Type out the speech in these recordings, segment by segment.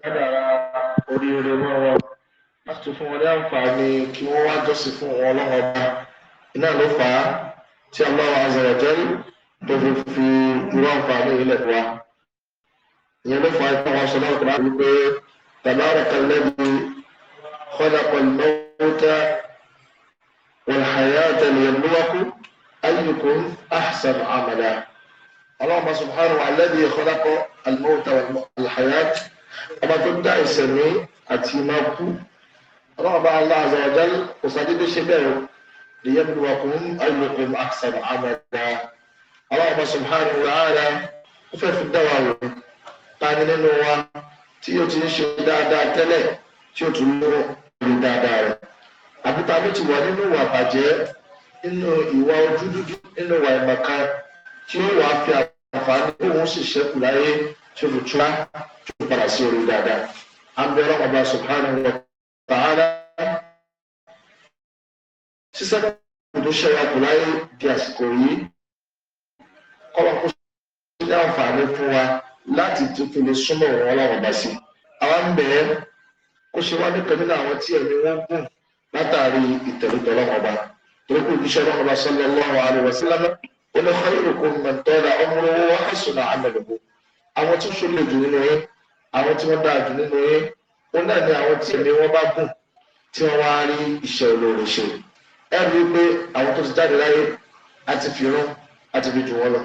kádàrá oríire mọ́ wọn láti fún wọn ní àǹfààní kí wọ́n wá jọ́sìn fún wọn lọ́wọ́ bá iná ló fà á tí Allah azza wa jalla tó fi fi irú àǹfààní ilẹ̀ wa ìyẹn ló fà á ìtàn wọn sọ náà kúrò wípé tabaraka alladhi khalaqa al-mawta wal-hayata liyabluwakum ayyukum ahsanu amala. Allah subhanahu wa ta'ala alladhi khalaqa al-mawta wal-hayata. ọba tó dá ìṣẹ̀mí àti máa kú ọlọ́run bá Allah azza wa jal kò sàdédé ṣe bẹ́ẹ̀ o liyabluwakum ayyukum ahsanu amala ọlọ́run bá subhanahu wa ta'ala ó fẹ́ fi dá wa wò ta nínú wa tí o ti ń ṣe dáadáa tẹ́lẹ̀ tí o tún lọ́wọ́ lórí dáadáa rẹ̀ àbúta mi ti wà nínú ìwà bàjẹ́ nínú ìwà ojú dúdú nínú ìwà ìmọ̀kan tí ó wàá fi àǹfààní òun sì ṣẹ́kù láyé tí o fi tura tí o padà sí orí dáadáa an bẹ ọlọ́run ọba subhanahu wa ta'ala sísẹ́ náà tó ṣe wa kù láyé di àsìkò yìí kọ́ba kó ṣe àǹfààní fún wa láti tuntun lè súnmọ́ òun ọlọ́run ọba sí àwọn ń bẹ̀ẹ́ kó ṣe wá nípa nínú àwọn tí ẹ̀mí wọn gùn látàrí ìtẹ̀lẹ́tọ̀ ọlọ́run ọba torí pé òjíṣẹ́ ọlọ́run ọba sallallahu alaihi wasallam ó ní khairukum man tala umruhu wa hasuna amaluhu àwọn tí ó ṣòlè jù nínú yín àwọn tí wọ́n dáa jù nínú yín òun náà ni àwọn tí ẹ̀mí wọn bá gùn tí wọ́n wá rí iṣẹ́ olóore ṣe ẹ rí i pé àwọn tó ti jáde láyé àti fìrún àti fi jù wọ́n lọ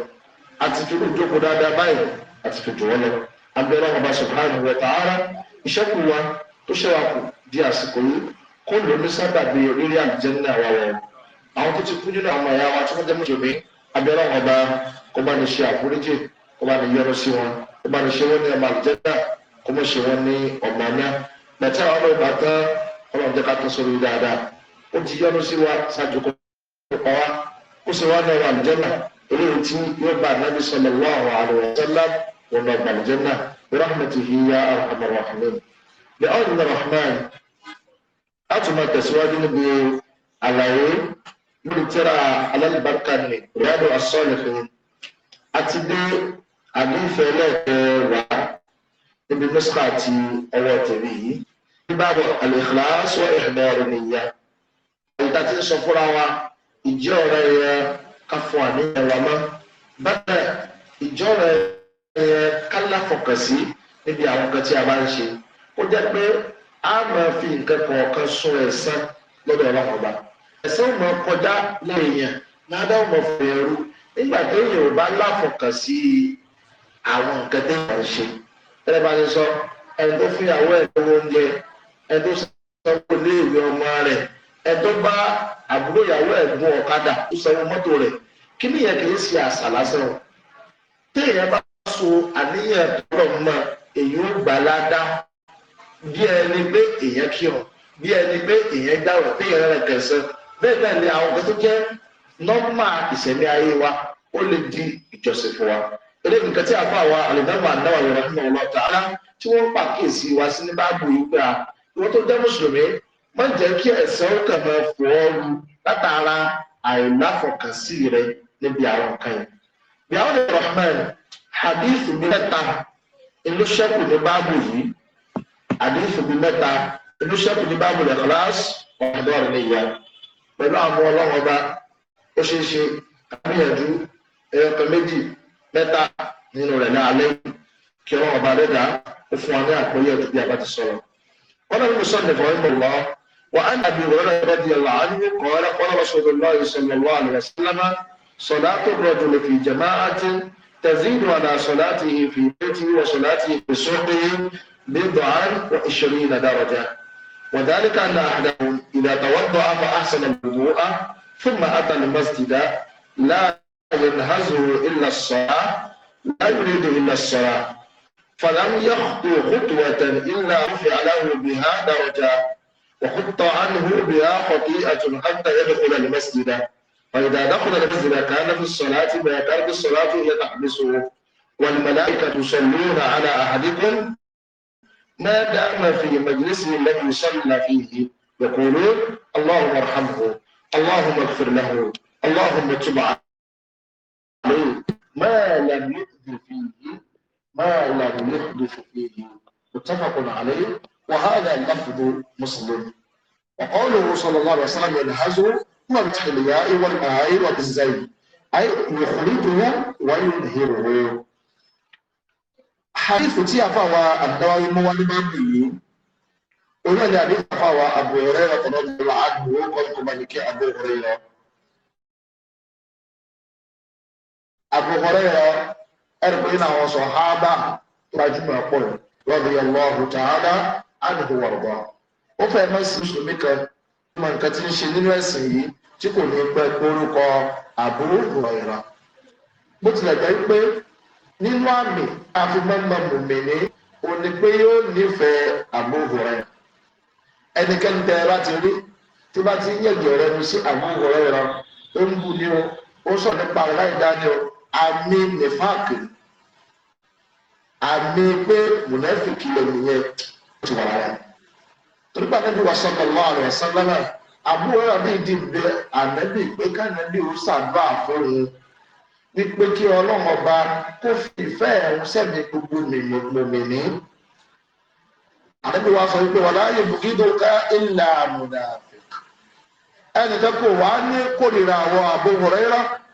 àti fi jókòó dáadáa báyìí àti fi jù wọ́n lọ abẹ́rẹ́ wọn bá subhanahu wa ta'ala ìṣẹ́kù wa tó ṣẹ́wà kù di àsìkò yìí kó ló ní sábàbí orílẹ̀ àlùjánnà wa wọ̀ àwọn tó ti kú nínú àwọn ẹ̀yà wa tí wọ́n jẹ́ mọ́jọ́bí abẹ́rẹ́ wọn bá kó bá ní ṣe àforíjì kó bá ní yọ́nú sí wọn kó bá ní ṣe wọn ní ọmọ àlùjẹ́dá kó mọ̀ ṣe wọn ní ọmọ náà bàtà àwọn ọmọ ìgbà tán ọlọ́run jẹ́ ká tó sórí dáadáa ó ti yọ́nú sí wa ṣáájú kó pa wá ó sì wá ní ọmọ àlùjẹ́dá eléyìí tí yóò bá anábì sallallahu alaihi wasallam wọn lọ gbàlùjẹ́dá rahmatihi ya arhamar rahimin bí ọ̀rùn náà rahman a tún máa tẹ̀síwájú níbi àlàyé lórí tírà alálùbákà ní Riyadu as-Salihin àti dé àdéhùfẹ́ lẹ́ẹ̀kẹwàá níbi nusra àti ọwọ́ tèmi yìí bíbáwọ̀ al-ikhlas wa ihbar an-niyyah ìta ti ń sọ fúnra wa ìjẹ́ ọ̀rẹ́ yẹ ká fún àníyàn wa mọ́ bẹ́ẹ̀ ìjẹ́ ọ̀rẹ́ yẹ ká láfọkàn sí níbi àwọn kan tí a bá ń ṣe ó jẹ́ pé a máa fi nǹkan kọ̀ọ̀kan sún ẹ̀san lọ́dọ̀ ọlọ́run ọba ò máa kọjá lẹ́yìn yẹn ládàá ò máa fẹ̀yẹ̀ rú nígbà àwọn nǹkan tí wọ́n ń ṣe tẹ́lẹ̀ bá ti sọ ẹni tó fún ìyàwó ẹ̀ lówó oúnjẹ ẹni tó sanwó ilé ìwé ọmọ rẹ̀ ẹni tó bá àbúrò ìyàwó ẹ̀ gun ọ̀kadà tó sanwó mọ́tò rẹ̀ kí nìyẹn kì í ṣe àṣà lásán téèyàn bá so àníyàn tọrọ mọ èyí ó gbà ládá bí ẹni pé èèyàn kírun bí ẹni pé èèyàn dáwọ téèyàn rẹ kẹsàn bẹ́ẹ̀ bẹ́ẹ̀ ni àwọn kan tó jẹ nọmà ìṣẹ̀lẹ̀ ayé wa ó lè di ìjọsìn fún wa eléyìí nǹkan tí àfa àwa àlùdáwà àdáwà yọrọ nínú ọlọ́ta ara tí wọ́n pàkíyèsí wa sí ní báàbò yìí pé ìwọ́n tó jẹ́ mùsùlùmí má jẹ́ kí ẹ̀sẹ̀ ó kàn máa fọ́ ọ lu látara àìláfọkànsí rẹ níbi àwọn nǹkan yìí. ìyàwó ni rahman hadith mi mẹ́ta inú ṣẹ́kù ní báàbò yìí hadith mi mẹ́ta inú ṣẹ́kù ní báàbò rẹ̀ kọ́lás ọ̀dọ́ rẹ̀ pẹ̀lú àwọn ọlọ́wọ́ bá ó ṣeé ṣe àbíyànjú ẹ̀yọkàn méjì mẹ́ta nínú rẹ̀ ní alẹ́ kí ọlọ́run ọba rẹ̀ dá ó fún wa ní àkóyè ọdún bí a bá ti sọ̀rọ̀. ọlọ́run mi sọ̀rọ̀ nìkan ẹ̀mọ̀ lọ wà á bí ìrọ̀lẹ́ rẹ̀ di ọ̀la á ní kọ́ ọ́lá pọ́nlọ́wọ́ sọ̀rọ̀ lọ́ọ̀yì sọ̀rọ̀ lọ́wọ́ àlẹ́ sálámà sọ̀dá tó rọ̀jò lè fi jẹ̀má àti تزيد على صلاته في بيته وصلاته في سوقه بضعا وعشرين درجة وذلك أن أحدهم إذا توضأ فأحسن الوضوء ثم أتى المسجد ينهزه إلا الصلاة لا يريد إلا الصلاة فلم يخطو خطوة إلا رفع له بها درجة وخط عنه بها خطيئة حتى يدخل المسجد فإذا دخل المسجد كان في الصلاة ما كان في الصلاة هي تحبسه والملائكة يصلون على أحدكم ما دام في مجلسه الذي يصلى فيه يقولون اللهم ارحمه اللهم اغفر له اللهم تب ما لم يحدث فيه ما لم يحدث فيه متفق عليه وهذا لفظ مسلم وقوله صلى الله عليه وسلم ينهزه هو بالحلياء والماء وبالزين أي يخرجه وينهره حديث تي افاوى fà wá àdáwáyé mú wá ní máa ń bì yìí orílẹ̀-èdè àdéhùn fà wá Abu yọ ẹ̀rù na ní àwọn sọ̀hábà gbajúmọ̀ pọ̀ radiyallahu ta'ala anhu warda ó fẹ́ mọ́ sí mùsùlùmí kan tó mọ nǹkan tí ń ṣe yìí tí kò ní pẹ́ gbórúkọ Abu Hurairah bó tilẹ̀ jẹ́ pé nínú àmì àfimọ́mọ́ mùmìnì òní pé yóò nífẹ̀ẹ́ Abu Hurairah ẹnikẹ́ni tẹ́ ẹ bá ti rí tí bá ti ń yẹ̀gẹ̀ rẹ sí Abu Hurairah ó ń bu ní o ó sọ nípa aláìdáni o àmì nìfàkì àmì pé mùnàfíkì lẹ́nu yẹn ti wà lára torí pé anábì wa sallallahu alaihi wasallam àbúrò rẹ̀ bí di bẹ ànábì pé kánábì ó ṣàdúrà fún un wípé kí ọlọ́run ọba kó fi ìfẹ́ ẹ̀hún sẹ́mi gbogbo mòmìnì ànábì wa sọ wípé wala yubghiduka illa munafiq ẹnìkan kò wá ní kórìíra àwọn Abu Hurairah.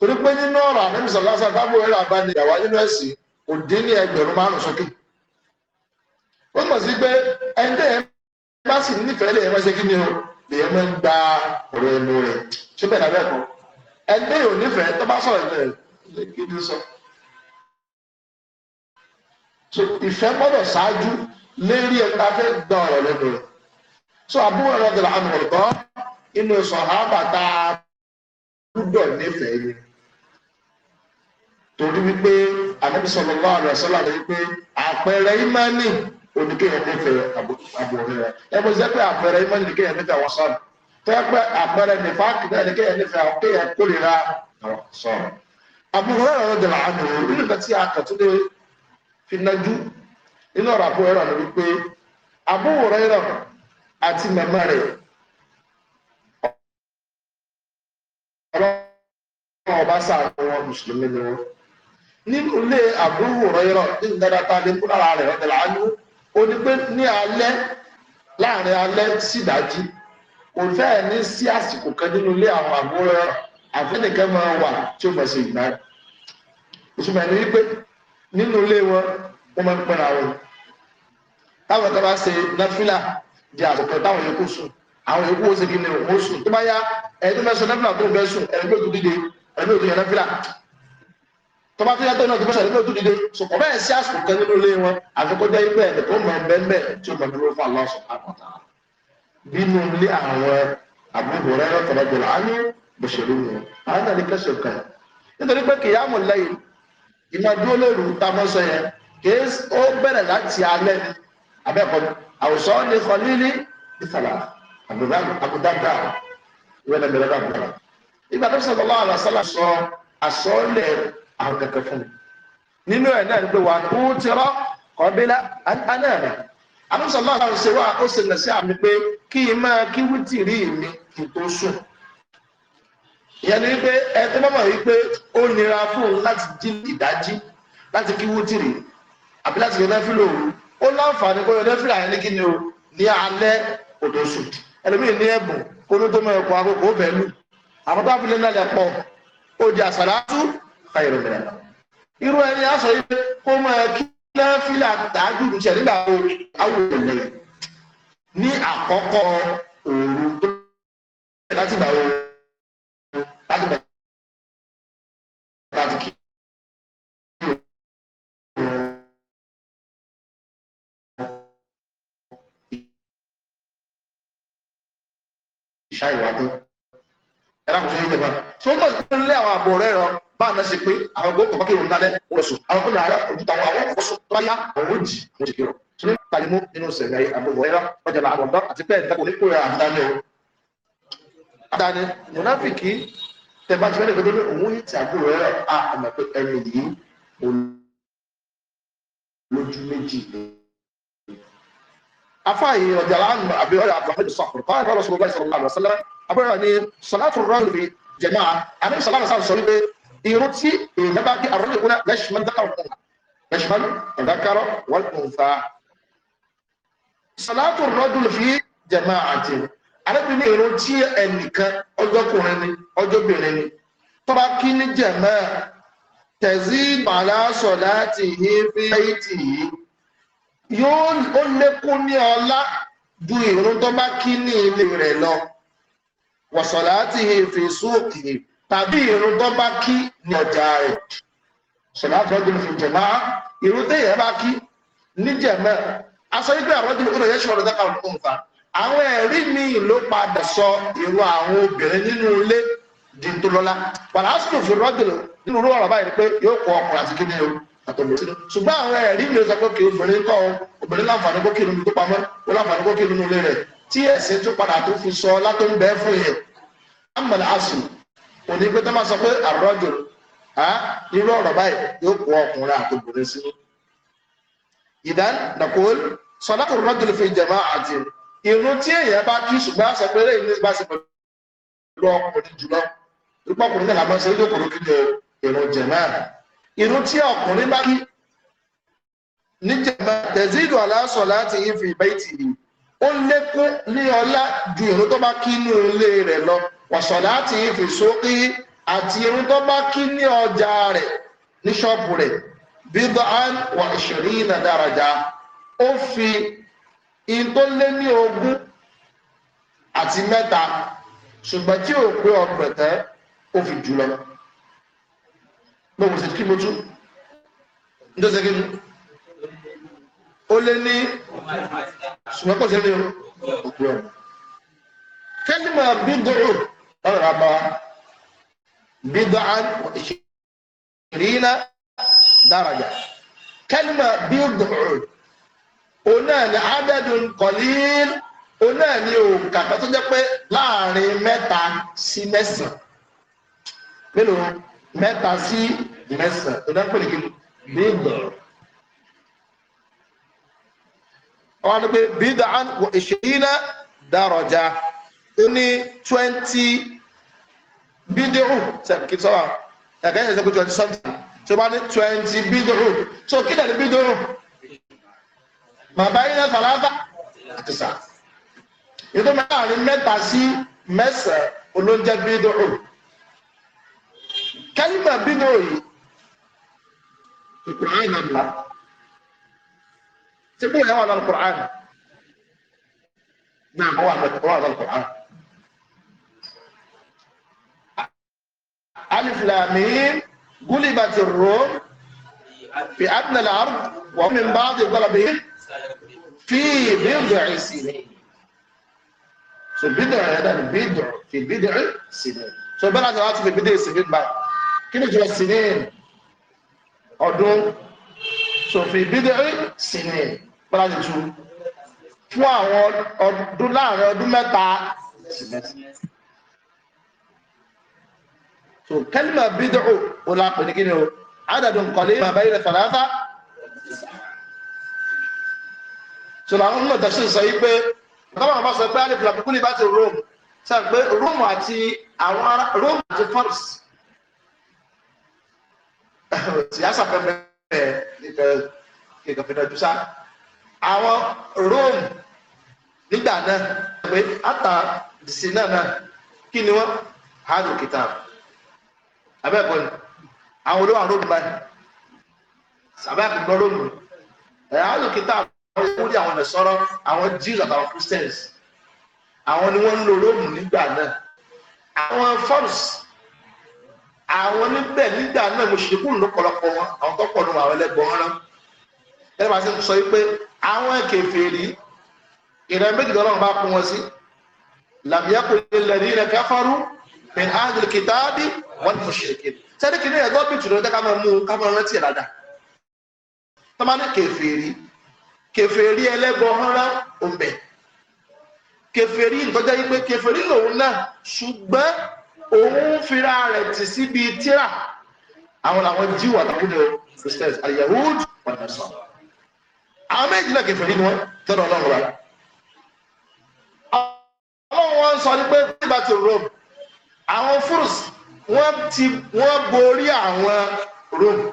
torí pé nínú ọ̀rọ̀ àmì sàlásà bábò ẹ̀rọ àbániyàwó nínú ẹ̀sìn kò dín ní ẹgbẹ̀rún márùn sókè ó mọ̀ sí pé ẹni tẹ́ ẹ bá sì nífẹ̀ẹ́ lè ẹmọ́ ṣe kí ni o lè ẹmọ́ ń gba ọ̀rọ̀ ẹnu rẹ̀ ṣé bẹ́ẹ̀ náà bẹ́ẹ̀ kọ́ ẹni tẹ́ ò nífẹ̀ẹ́ tó bá sọ̀rọ̀ ẹ̀nu rẹ̀ lè kí ni sọ. so ìfẹ́ gbọ́dọ̀ ṣáájú lérí ẹ̀ka fẹ́ gba torí wípé Ànábì sallallahu alaihi wasallam wípé àpẹẹrẹ ìmánì oníkéyàn nífẹ̀ẹ́ àbúrò rẹ̀ ẹ bó ṣe pé àpẹẹrẹ ìmánì oníkéyàn nífẹ̀ẹ́ àwọn sọ́ọ̀rọ̀ tẹ́pẹ́ àpẹẹrẹ nífàkì náà oníkéyàn nífẹ̀ẹ́ àwọn kéyàn kórìíra àwọn sọ́ọ̀rọ̀ àbúrò rẹ̀ rẹ̀ dẹ̀rẹ̀ àmì rẹ̀ nínú ìgbà tí àkàtúndé fi nájú nínú ọ̀rọ̀ àbúrò rẹ̀ wípé àbúrò rẹ̀ rẹ̀ àti màmá rẹ̀ ọlọ́run ọba nínú ilé Abu Hurairah tí ń dára ta lè kúrò ara rẹ̀ ọ̀dẹ̀ láàánú ó ní pé ní alẹ́ láàrin alẹ́ sí ìdájí kò fẹ́ẹ̀ ní sí àsìkò kan nínú ilé àwọn Abu Hurairah àfẹ́nìkan máa wà tí ó fẹsẹ̀ ìgbà rẹ̀ òṣùpá ẹni wípé nínú ilé wọn wọ́n máa ń pẹ́ra wọn táwọn tó bá ṣe náfìlà di àsìkò táwọn yòókù sùn àwọn yòókù ó ṣe kí ni òun sùn tó bá yá ẹni tó bá tó yàtọ̀ náà tó fẹsẹ̀ nínú òtún dìde sọkọ bẹ́ẹ̀ sí àsùn kan nínú ilé wọn àfikọ́jọ́ ibẹ̀ ẹ̀ tó mọ̀ bẹ́ẹ̀ tí ó mọ̀ nínú fún Allah subhanahu wa ta'ala bínú ilé àwọn àbúrò rẹ̀ lọ́tọ̀ọ̀tọ̀ jùlọ àánú bẹ̀ṣẹ̀lú wọn àwọn náà ní kẹsàn kan nítorí pé kìyàmù lẹ́yìn ìmọ̀ dúró lóru tamọ́sọ yẹn kìí ó bẹ̀rẹ̀ láti alẹ́ abẹ́kọ̀ọ́ àwùsọ ní kọlílì àwọn kankan fún mi nínú ẹ̀ náà ni pé wà á kú tirọ́ kọ́bílá anáàrẹ̀ àmúṣọlá ọ̀rọ̀ ṣe wá ó sì lẹ̀ sí àmì pé kí n máa kí wítìrí mi kì tó sùn ìyẹn ni pé ẹ tó bá mọ̀ wípé ó nira fún un láti jí ìdájí láti kí wítìrí àbí láti yọ̀dẹ́ fílò òru ó láǹfààní kó yọ̀dẹ́ fílò àyẹ̀lẹ́ kí ni o ní alẹ́ òdò sùn ẹlòmíì ní ẹ̀bùn kó ló tó mọ̀ ẹ̀kọ́ àkókò bẹ̀lú àwọn tó àfilẹ́ náà lẹ̀ pọ̀ ó di àsàlátú fáyọrọ mìíràn irú ẹni á sọ yìí kó máa kí náfìlà tààjùdù tiẹ̀ nígbà wo lati ní àkọ́kọ́ òru tó láti gbà wo láti gbà láti kí. ṣáìwá ẹ̀rọ àkùnrin yìí jẹba tí wọ́n bá ń lé àwọn àbọ̀ rẹ̀ rọ bá a mẹ́sì pé àwọn gbogbo kọ̀ọ̀kì ìròyìn lálẹ́ wọ́n sùn àwọn kọ́nà ara òjútà àwọn àwọn ọ̀fọ́sọ tó bá yá ọ̀wọ́ jì wọ́n ti kírọ̀ tí wọ́n bá yẹmú nínú sẹ̀rẹ̀ àbúrò ẹ̀rọ ọjà làwọn ọ̀dọ́ àti pé ẹ̀dá kò ní kóra àdáni o. àdáni mùnáfìkì tẹ bá ti fẹ́ lè gbé pé òun yìí ti àbúrò ẹ̀rọ à àmọ̀ pé ẹni yìí lójú méjì ni afáàyè ọjà láàmú àbíọ́rẹ́ àbúrò sọ̀rọ̀ kọ́ ẹ̀kọ́ lọ́sọ̀rọ̀ láì sọ̀rọ̀ láàmú sọ́lá abẹ́rẹ́ ni sọ̀látù rọ́ọ̀lì jẹ̀má àmì sọ̀lá sọ̀rọ̀ sọ̀rọ̀ pé irun tí èèyàn bá gé àrùn ìkúnlẹ̀ lẹ́ṣùmọ́ dákàrọ̀ lẹ́ṣùmọ́ dákàrọ̀ wọ́n kò ń fa. sọ̀látù rọ́ọ̀lì fi jẹ̀má àti àrẹ́bí ní irun tí ẹnìkan ọjọ́kùnrin ni ọjọ́bìnrin ni tọ́ba kí ní jẹ̀má tẹ̀sí bàlá sọ̀lá tì yóò ó lékún ní ọlá ju ìrun tó bá kí ní ilé rẹ̀ lọ wọ̀sọ̀lá ti fi súòkì tàbí ìrun tó bá kí ní ọjà rẹ̀ ṣọlá tó gbé fi jẹ̀má ìrun tó yẹ bá kí ní jẹ̀mẹ́ aṣọ ìgbé àwọn tó kúrò yẹn ṣọ̀rọ̀ dákà ọ̀dọ́ nǹkan àwọn ẹ̀rí mi ló padà sọ ìrun àwọn obìnrin nínú ilé di tó lọ́lá wàlásùn fi rọ́dìlù nínú orú ọ̀rọ̀ báyìí pé yóò kọ ọkùnrin àti kíni o àtọ̀lọ́sílẹ̀ ṣùgbọ́n àwọn ẹ̀rí mi sọ pé kí obìnrin kọ́ obìnrin láǹfààní kó kírun tó pamọ́ ó láǹfààní kó kírun ilé rẹ̀ tí ẹ̀sìn tó padà tó fi sọ látó ń bẹ́ẹ̀ fún yẹn amọ̀lẹ̀ asùn òní pé tó máa sọ pé àrọ́jò irú ọ̀rọ̀ báyìí yóò kó ọkùnrin àti obìnrin sínú. ìdán nàkóòl sọlákò rọ́jòlì fi jẹ̀mọ́ àti irun tí èèyàn bá kí ṣùgbọ́n àṣẹ pé lẹ́yìn ní irun tí ọkùnrin bá kí níjẹ̀mọ́ tẹ̀síìdù aláṣọ láti ife ìbẹ́ẹ̀tì yìí ó lékún ní ọlá ju irun tó bá kí ní ilé rẹ̀ lọ wàṣọ láti ife sókè àti irun tó bá kí ní ọjà rẹ̀ ní ṣọ́ọ̀bù rẹ̀ bíbá án wà ìṣòrí ìnàdàràjà ó fi in tó lé ní ogún àti mẹ́ta ṣùgbọ́n tí ò pé ọgbẹ̀tẹ́ ó fi jù lọ gbogbo sì kí mo tú nítorí kí ni ó lé ní ṣùgbọ́n kò sí ní òkú ẹ̀ kẹ́lí máa bí dùrù ọ̀rọ̀ àbá bí dùrù ìṣìrìnà daraja kẹ́lí máa bí dùrù òun náà ni adadun qalil òun náà ni òǹkà tó jẹ́ pé láàrin mẹ́ta sí mẹ́sàn-án mẹ́ta sí mẹ́sàn-án mẹ́sàn-án tó dápẹ́ nìkan bíbọ̀. wọ́n á pè bídà ìṣèyínà dàrọ̀jà ó ní twenty bídìrù sẹ́kì sọ́wọ́ ẹ̀ka ẹ̀ṣẹ̀ pé twenty something tó bá ní twenty bídìrù tó kí dàní bídìrù màbá yín náà sàlátà àti sà ètò mẹ́ta ní mẹ́ta sí mẹ́sàn-án olóúnjẹ bídìrù kẹ́yìn mọ̀ bídìrù yìí. القرآن يا الله سيبوه هو على القرآن نعم هو على القرآن ألف لامين قلبت الروم في أدنى الأرض ومن بعض غلبهم في بضع سنين so bid'a yàda ni bid'u fi bid'i sinin so bẹ́ẹ̀ láti wá سنين ọdún sòfin bídẹ́rì sì ni bọ́lájì tu fún àwọn ọdún láàrin ọdún mẹ́ta sí mẹ́ta so kẹ́lìmọ̀ o ó lápẹ̀ ní kíni o adàdùn kọ̀lé bàbá ilẹ̀ fàlàfà sọlá àwọn ọmọ ìtàṣí sọ yí pé bàbá bá sọ pé alẹ́ fìlà kúkúlì bá ti Rome sọ pé Rome àti àwọn Rome àti Fars siyasa kan bẹ́ẹ̀ nìkan kìkan fi dájú sá àwọn Rome nígbà náà pé ata dìsí náà náà kí ni wọ́n hàlù kìtà abẹ́ẹ̀kọ́ ni àwọn olówó àrùn báyìí sàbẹ́ẹ̀kọ́ gbọ́ Rome ẹ̀ hàlù kìtà àwọn ìwúrí àwọn ẹ̀sọ́rọ́ àwọn Jews àtàwọn Christians àwọn ni wọ́n ń lo Rome nígbà náà àwọn force àwọn níbẹ̀ nígbà náà mo ṣe kúrò lọ́pọ̀lọpọ̀ wọn àwọn tó pọ̀ nù àwọn ẹlẹ́gbọ̀n rán ẹni màá sì sọ pé àwọn kèfèrí ìrẹ́ méjì lọ́rọ̀ bá kún wọn sí làbíyàkù ilẹ̀ ní ilẹ̀ káfárú ní ángel kìtàbí wọn ni mo ṣe kí sẹ́ni kìnìún ẹ̀gbọ́n bí jùlọ jẹ́ ká máa mú ká máa rántí ẹ̀ dáadáa tó máa ní kèfèrí kèfèrí ẹlẹ́gbọ̀n rán òǹbẹ̀ ìtọ́jà yìí pé kèfèrí lòun náà ṣùgbọ́n òun fira rẹ̀ tì síbi tíra àwọn làwọn jíwò àtàkùnjọ christians àyẹ̀wòd ọ̀nà sọ àwọn méjì náà kẹfẹ́ nínú wọn tọ́nà ọlọ́run rà ọlọ́run wọn sọ ní pé nígbà tí rome àwọn fúrùs wọ́n ti wọ́n borí àwọn rome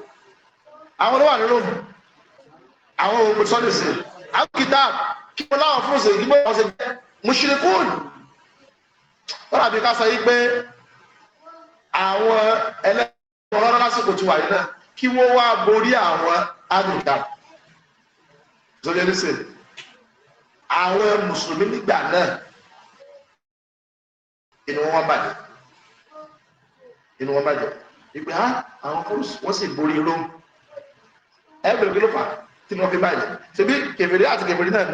àwọn ló wà ní rome àwọn olùsọ́dẹ̀sẹ̀ àwọn kìtà kí wọ́n láwọn fúrùs èyí bó wọ́n ṣe jẹ́ mùsùlùkùn wọ́n rà bí ká sọ yí pé àwọn ẹlẹ́gbọ̀n rárá lásìkò tí wà yìí náà kí wọ́n wá borí àwọn àgùdà sọ́jọ́lẹ́sẹ̀ àwọn mùsùlùmí nígbà náà inú wọn bàjẹ́ inú wọn bàjẹ́ ìgbà àwọn kan wọ́n sì borí rome ẹgbẹ̀rún kí ló fà tí wọ́n fi bàjẹ́ ṣebí kẹfẹ́rẹ́ àti kẹfẹ́rẹ́ náà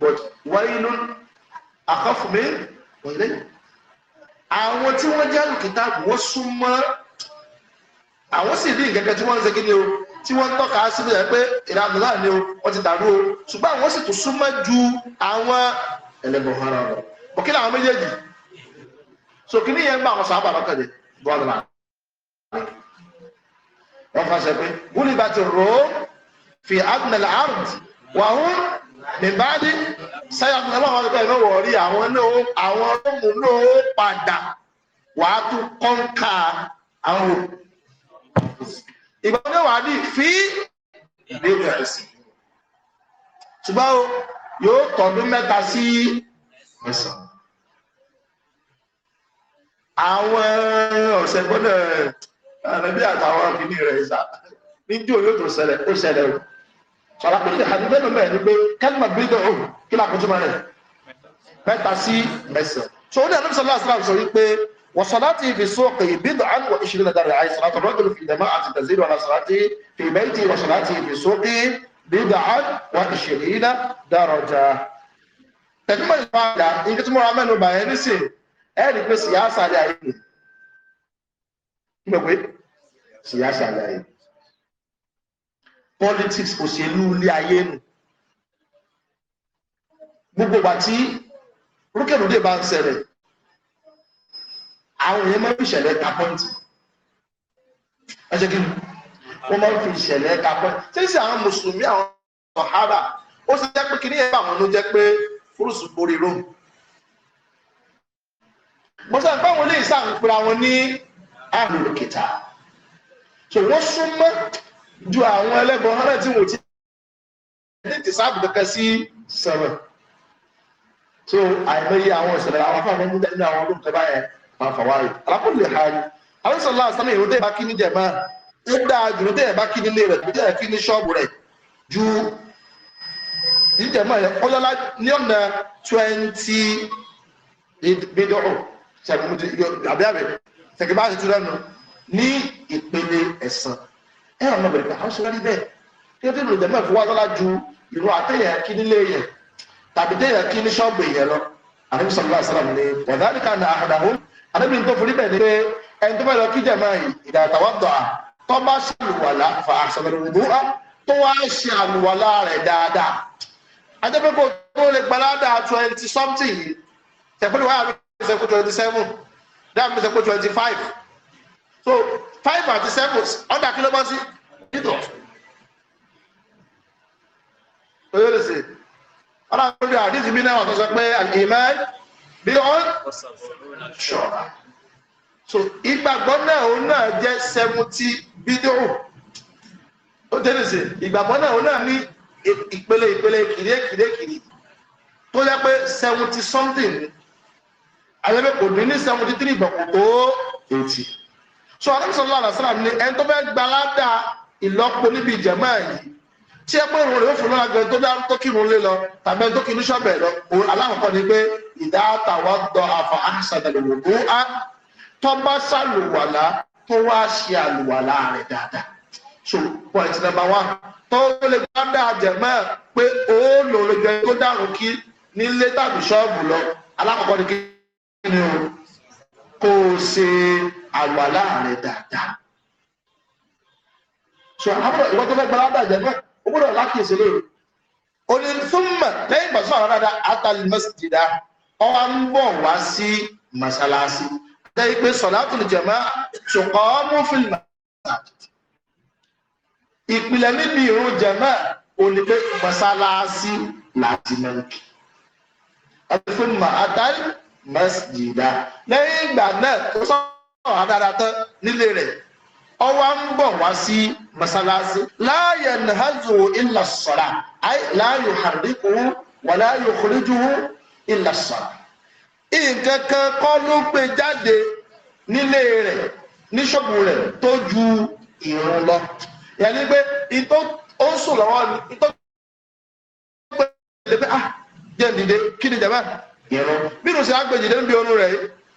but wáyé ló akọ́fùmí wọ́n lẹ́yìn àwọn tí wọ́n jẹ́ àlùkìtà wọ́n súnmọ́ àwọn sì rí nǹkan kan tí wọ́n ń ṣe ni o tí wọ́n ń tọ́ka síbi rẹ̀ pé ìlànà náà ni o wọ́n ti dàrú o ṣùgbọ́n àwọn sì tún súnmọ́ ju àwọn ẹlẹ́bùn ara lọ òkè làwọn méjèèjì sòkè ní yẹn ń bá àwọn sàábà lọ́kàn jẹ bọ́ọ̀lù náà wọ́n fà ṣe pé wúlì ti rò ó fi àgùnlẹ̀ àrùn wàhùn nìbádí sẹ́yàkùn ọlọ́run ọdún pẹ̀lú wọ̀ rí àwọn àwọn róòmù náà ó padà wàá tún kọ́ńkà àwọn òkú ìgbà ní wàá dì fí ìlú kẹrìsì ṣùgbọ́n yóò tọdún mẹ́ta sí mẹ́sàn-án àwọn ọ̀sẹ̀ gbọ́dọ̀ àrẹ́bí àtàwọn ọ̀gbìn rẹ̀ ṣá níjó yóò ṣẹlẹ̀ ó ṣẹlẹ̀ o sọ̀rọ̀ àpèjì àdúgbò ẹnu bẹ́ẹ̀ ni pé kẹ́lìmà bídọ̀ òun kí ni àkójúmọ́ rẹ̀ mẹ́ta sí mẹ́sàn so ó ní àdúgbò sọ̀rọ̀ àṣírà sọ wípé wọ́n sọ̀rọ̀ àti ibi sóòkè ìbídọ̀ àwọn ìṣẹ̀lẹ̀ nàdàrẹ̀ àìsàn àtọ̀rọ̀ ìdòlù fìdàmà àti tẹ̀síìrì wọn sọ̀rọ̀ àti fìmẹ́jì wọ́n sọ̀rọ̀ àti ibi sóòkè bídọ̀ àwọn ìṣẹ̀lẹ̀ nàdàrọ̀jà tẹ̀síìmọ̀ ìfọ̀dà ìdí tí mo ra mẹ́nu bàyẹ̀ politics òṣèlú ilé ayé nù gbogbo ìgbà tí rúkèrúdè bá ń ṣẹlẹ̀ àwọn èèyàn máa ń fi ìṣẹ̀lẹ̀ ta pọ́ǹtì ẹ ṣe kí ni wọ́n máa ń fi ìṣẹ̀lẹ̀ ta pọ́ǹtì ṣé ṣe àwọn mùsùlùmí àwọn sàhábà ó sì jẹ́ pé kí ní ẹ̀ bá wọn ló jẹ́ pé fúrùsù borí rome mo sọ pé àwọn ilé ìsàǹpẹ̀rẹ̀ ní àrùn kìtà so wọ́n súnmọ́ ju àwọn ẹlẹ́bọn hánà tí wọ́n ti tètè sáàbù kankan sí sọ̀rọ̀ so àìmọye àwọn ìṣẹ̀lẹ̀ àwọn afáàmọ́ ní nínú àwọn ọdún kẹba yẹn máa fà wáyé alákùnrin ha ni alẹ́sọ̀lá àsánà ìrún tẹ́yẹ̀ bá kí ní jẹ̀mọ́ ó dáa jù ní tẹ́yẹ̀ bá kí nílé rẹ̀ tó tẹ́yẹ̀ kí ní ṣọ́ọ̀bù rẹ̀ ju jíjẹ̀mọ́ rẹ̀ ọlọ́lá ní ọ̀nà twenty ìpele ẹ̀sán ẹ ọ̀nà bẹ̀rẹ̀ àwọn ṣe rárí bẹ́ẹ̀ tẹ́tẹ́ ìlú jẹ́mọ̀ fi wá lọ́la ju ìlú àtẹ̀yẹ kí nílé yẹn tàbí tẹ̀yẹ kí ní ṣọ́ọ̀bù yẹn lọ àdébí sọ̀rọ̀ bá sọ̀rọ̀ ní wàdánìkà ní àdàhùn àdébí tó fi níbẹ̀ ni pé ẹni tó fẹ́ lọ kí jẹ̀mọ̀ ìdá àtàwọ̀dọ̀ à tó bá ṣàlùwàlá fa àṣàlùwàlú à tó wá ṣe àlùwàlá rẹ̀ dáadáa àdébí kò tó lè gbalada twenty something yìí tẹ̀pẹ́lú wáyà mi ṣe kó twenty seven dáàbí mi ṣe kó twenty five so five àti seven ọ̀dà kí ló bá sí nítò oyè lè ṣe aláàbí àdíjì mí náà sọ pé àgbèmẹ́ bí wọ́n ṣọ̀rọ̀ so ìgbàgbọ́ náà òun náà jẹ́ seventy bílíọ̀nù ó tẹ́lẹ̀ sí ìgbàgbọ́ náà òun náà ní ìpele ìpele kìdé kìdé kìdé tó yẹ pé seventy something ayẹ́pẹ́ kò ní ní seventy three ìgbàgbọ́ tó eighty so alábìsọ̀lá àlàsílà ni ẹni tó fẹ́ gbalada ìlọ́po níbi ìjẹ̀mọ́ yìí tí ẹ pé ìrùn rẹ̀ ó fún lọ́la gan tó dá tó kírun lé lọ tàbí ẹni tó kírun ṣọ́bẹ̀ lọ alákọ̀ọ́kọ́ ni pé ìdá àtàwọn dọ àfà àṣàdàlùwò bó á tó bá ṣàlùwàlá tó wá ṣe àlùwàlá rẹ̀ dáadáa so point number one tó lè gbádà àjẹmọ́ pé ó lò lè jẹ tó dàrún kí nílé tàbí ṣọ́ọ̀bù lọ alákọ̀ọ́kọ́ ni kí ni o kò ṣe é àlùwàlá rẹ dáadáa so àbúrò ìwọ tó fẹ́ gbára dàjẹ́ pé ó gbọ́dọ̀ lákìsí lóru òní súnmọ̀ lẹ́yìn ìgbà sọ̀rọ̀ dáadáa àtàlì mẹ́sìdìdá ọwọ́ ń bọ̀ wá sí mọ́sálásí lẹ́yìn pé sọ̀látùlù jẹ̀mọ́ ṣùkọ́ mú fílmù ìpìlẹ̀ níbi ìrún jẹ̀mọ́ òní pé mọ́sálásí láti mẹ́rìkì àti fílmù àtàlì mẹ́sìdìdá lẹ́yìn ìgbà náà tó sọ̀rọ̀ ọ̀hán dáadáa tán nílé rẹ̀ ọwọ́ ń bọ̀ wá sí masalasi láàyè nàhàzù ilà sọ̀rà àì láàyò hàríkù wà láàyò kòríjú ilà sọ̀rà. nǹkan kan kọ́ ló gbé jáde nílé rẹ̀ ní ṣọ́ọ̀bù rẹ̀ tó ju ìrun lọ. yẹ́nni pé ìtọ́ ń sùn lọ́wọ́ ni ìtọ́ gbé jáde pé ah jẹ́ ǹdíde kí ni jẹ́ bá ìrun bí nù sí ń bí ọnu rẹ̀ yìí.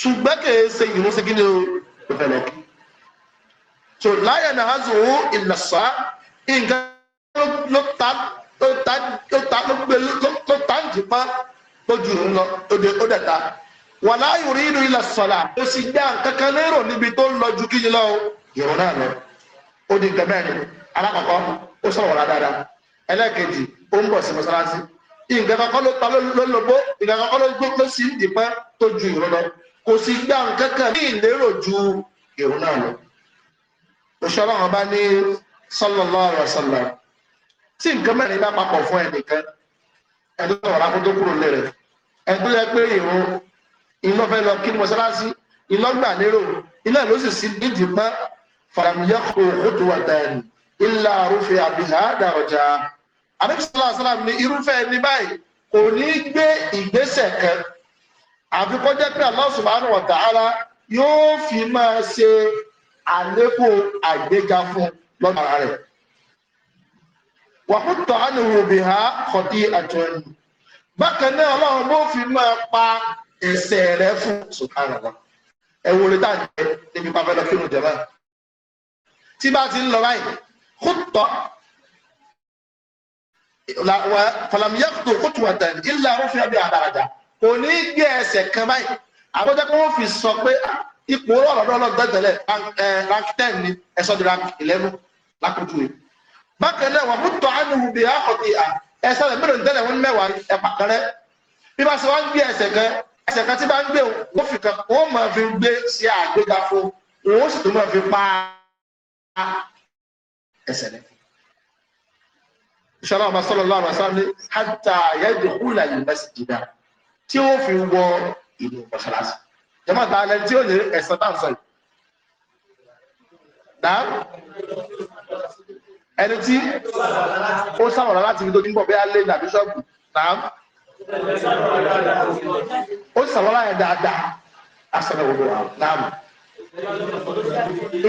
ṣùgbọ́n kìí ṣe ìrún sí gíní o fẹ̀lẹ̀ kí so láyé na ha zùn ún ìlàsá nǹkan ló ta ló ta ló ta ló gbé ló ta ń jìpá tó ju ìrún lọ òde ó dẹ̀ ta wà láyé rí inú ilẹ̀ sọ̀la ó sì dá kankan lérò níbi tó ń lọ ju kí ni lọ o ìrún náà lọ ó di nǹkan bẹ́ẹ̀ ni alákọ̀ọ́kọ́ ó sọ̀rọ̀ wà dáadáa ẹlẹ́ẹ̀kejì ó ń bọ̀ sí mọ́sálásí nǹkan kankan ló ta ló lóbó nǹkan kankan ló sí ìdìpẹ́ tó ju ìrún lọ kò sì gba nǹkan kan ní ìlérò ju èrò náà lọ òṣèlú àwọn bá ní sallallahu alaihi wasallam tí nǹkan mẹ́rin bá papọ̀ fún ẹnìkan ẹni tó rà kó tó kúrò lé rẹ̀ ẹni tó yẹ pé ìrún iná fẹ́ lọ kí ni mọ́sálásí iná gbà lérò iná ló sì sí dídì mọ́ fàlàmìyà kò kótó wà dáìní ilà àrùfẹ́ àbíhà dàrọ̀jà àdébísọ̀lá àsálàm ní irúfẹ́ ẹni báyìí kò ní gbé ìgbésẹ̀ kan àfi kó jẹ́ pé Allah subhanahu wa ta'ala yóò fi máa ṣe àlékún àgbéga fún lọ́nà rẹ̀ wàhútọ̀ ánìwòbí ha kọ̀dí àtọ́ni bákan náà ọlọ́run ló fi máa pa ẹ̀ṣẹ̀ rẹ̀ fún subhanallah ẹ̀wò rẹ̀ dájẹ́ níbi pàfẹ́ lọ kírun jẹ̀mọ́ tí bá ti ń lọ báyìí kútọ̀ falamiyẹ́kùtò kútùwàtàn ilẹ̀ arúfin ọdẹ àdáradà kò ní gbé ẹsẹ̀ kan báyìí àbọ̀jẹ́ kó wọ́n fi sọ pé ah, ipò ọlọ́dọ̀ ọlọ́dọ̀ tẹ̀lẹ̀ rank ten ni ẹ̀sọ́ di rank eleven lákòókò yìí bákan náà wà mútọ́ ánìwò bí akọ̀tì à ah, ẹ̀sẹ̀ rẹ̀ mélòó tẹ́lẹ̀ wọ́n mẹ́wàá ẹ̀pà kan rẹ̀ bí bá ṣe wá ń gbé ẹsẹ̀ kan ẹsẹ̀ kan tí bá ń gbé wọ́n fi kan wọ́n máa fi gbé sí àgbéga fún wọ́n sì tún máa fi pa ẹsẹ̀ rẹ̀ inshallah ọba sọlọ lọ àwọn asáwọn ní hàtà yẹ́dùkú tí ó fi wọ ìlú mọ́ṣáláṣí jẹ́mọ̀ tá a lẹ́ni tí ó lè ẹ̀sán tá à ń sọ yìí dá ẹni tí ó sàmọ̀lá láti fi dojú bọ̀ bí a lé ní àbíṣọ́ọ̀bù dá ó sàmọ̀lá yẹn dáadáa àṣàlẹ̀ òdo dáàmù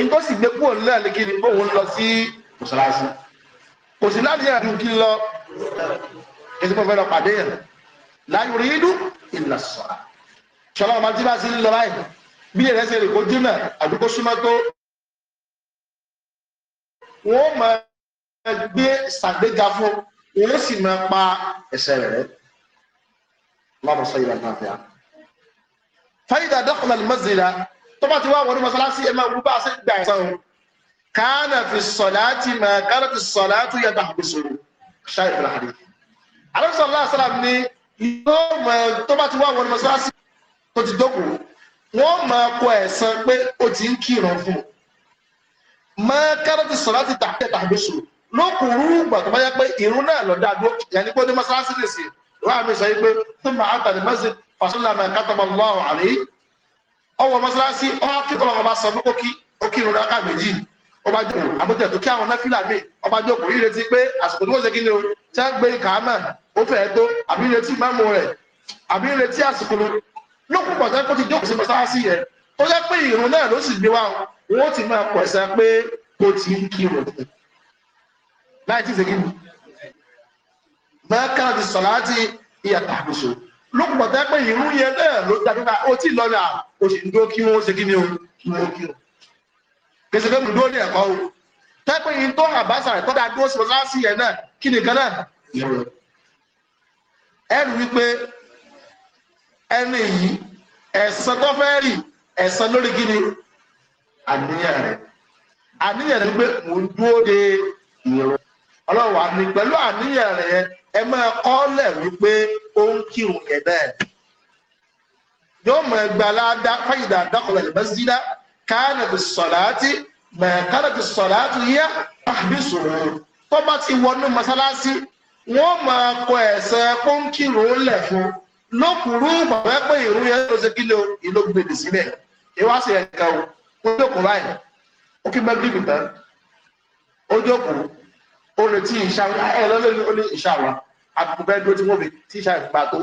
nǹkan sì gbé kúrò nílẹ̀ ní kí ni bóun lọ sí mọ́ṣáláṣí kò sí láti yẹn àdúgbò kí lọ kí n fẹ́ lọ pàdé yẹn láyò rí inú ìlà sọ̀rọ̀ ṣọlá ọmọ tí bá sí lọ báyìí bí ẹ̀rẹ́ ṣe rè kó jìnnà àdúgbò súnmọ́ tó wọ́n máa gbé ṣàgbéga fún wọ́n sì máa pa ẹ̀ṣẹ̀ rẹ̀ lọ́mọ sọ ìlànà àfẹ́à fáyidà dọ́kùnlá ní mọ́sílá tó bá ti wá wọ́n ní mọ́sálásí ẹ máa wúbá yóò mọ tó bá ti wá wọn mọ́ṣáláṣí tó ti dókòwò wọ́n máa kọ ẹ̀san pé ó ti ń kírun fún un máa kára ti sọ̀rọ̀ láti tàbí tàbí sùn lókùnrú ìgbà tó bá yá pé ìrún náà lọ́dá dó yẹn ni pé ó ní mọ́ṣáláṣí lè sè wọ́n àmì sọ yìí pé tó máa ń tàbí mọ́ṣí fàṣọlá máa kátà máa lọ́ àwọn àlè ọwọ́ mọ́ṣáláṣí ọwọ́ kíkọ́ lọ́wọ́ bá sọ pé ó kí ìrún náà méjì ọba jókòó àbójútó kí àwọn náfìlà míì ọba jókòó ìrètí pé àsìkò tí a gbé kàámà ó fẹ́ tó àbí retí mámú rẹ̀ àbí retí àsìkò ló lókùn pọ̀ tẹ́kọ́ ti jókòó sí mọ́sáàsì yẹn tó jẹ́ pé ìrún náà ló sì gbé wá wọn ó ti máa pọ̀ ẹ̀sẹ̀ pé kó ti ń kírun láì tí ì ṣe kí ni mẹ́kàlá ti sọ̀rọ̀ láti ìyà tàbùsù lókùn pọ̀ tẹ́pẹ́ ìrú yẹn náà ló dájú pé ó tí lọ́nà oṣù dúró kí wọ́n ṣe kí ni o kí wọ́n kí o kèsì pé mo dúró ní ẹ̀kọ́ o tẹ́pẹ́ yìí kí ni gánà ẹ̀rù wípé ẹni yìí ẹ̀san tó fẹ́ rí ẹ̀san lórí kí ni àníyàn rẹ̀ àníyàn rẹ̀ wípé mò ń dúró de ìrọ̀ ọlọ́wọ́ àní pẹ̀lú àníyàn rẹ̀ yẹn ẹ máa kọ́ lẹ̀ wípé ó ń kírun yẹn bẹ́ẹ̀ yóò mọ ẹgbẹ́ aládá fáyidà dákọ̀lẹ̀ lẹ́mẹ́sídá kánàbì sọ̀láàtì mẹ̀kánàbì sọ̀láàtì yẹ àbí sòrò tó bá ti wọnú mọ́sálásí wọ́n máa kọ ẹ̀sẹ̀ kọ́ńkìrò lẹ̀ fún lókùrú bàbá pé ìrú yẹn ló ṣe kí ló gbèdè sílẹ̀ ìwá sí ẹ̀ka o wọ́n jókòó báyìí ó kí bẹ́ẹ̀ bíbí tán ó jókòó ó retí ìṣá ẹ̀ lọ́lẹ́ ó ní ìṣá wa àbùkù bẹ́ẹ̀ dúró tí wọ́n fi tí ìṣá ìgbà tó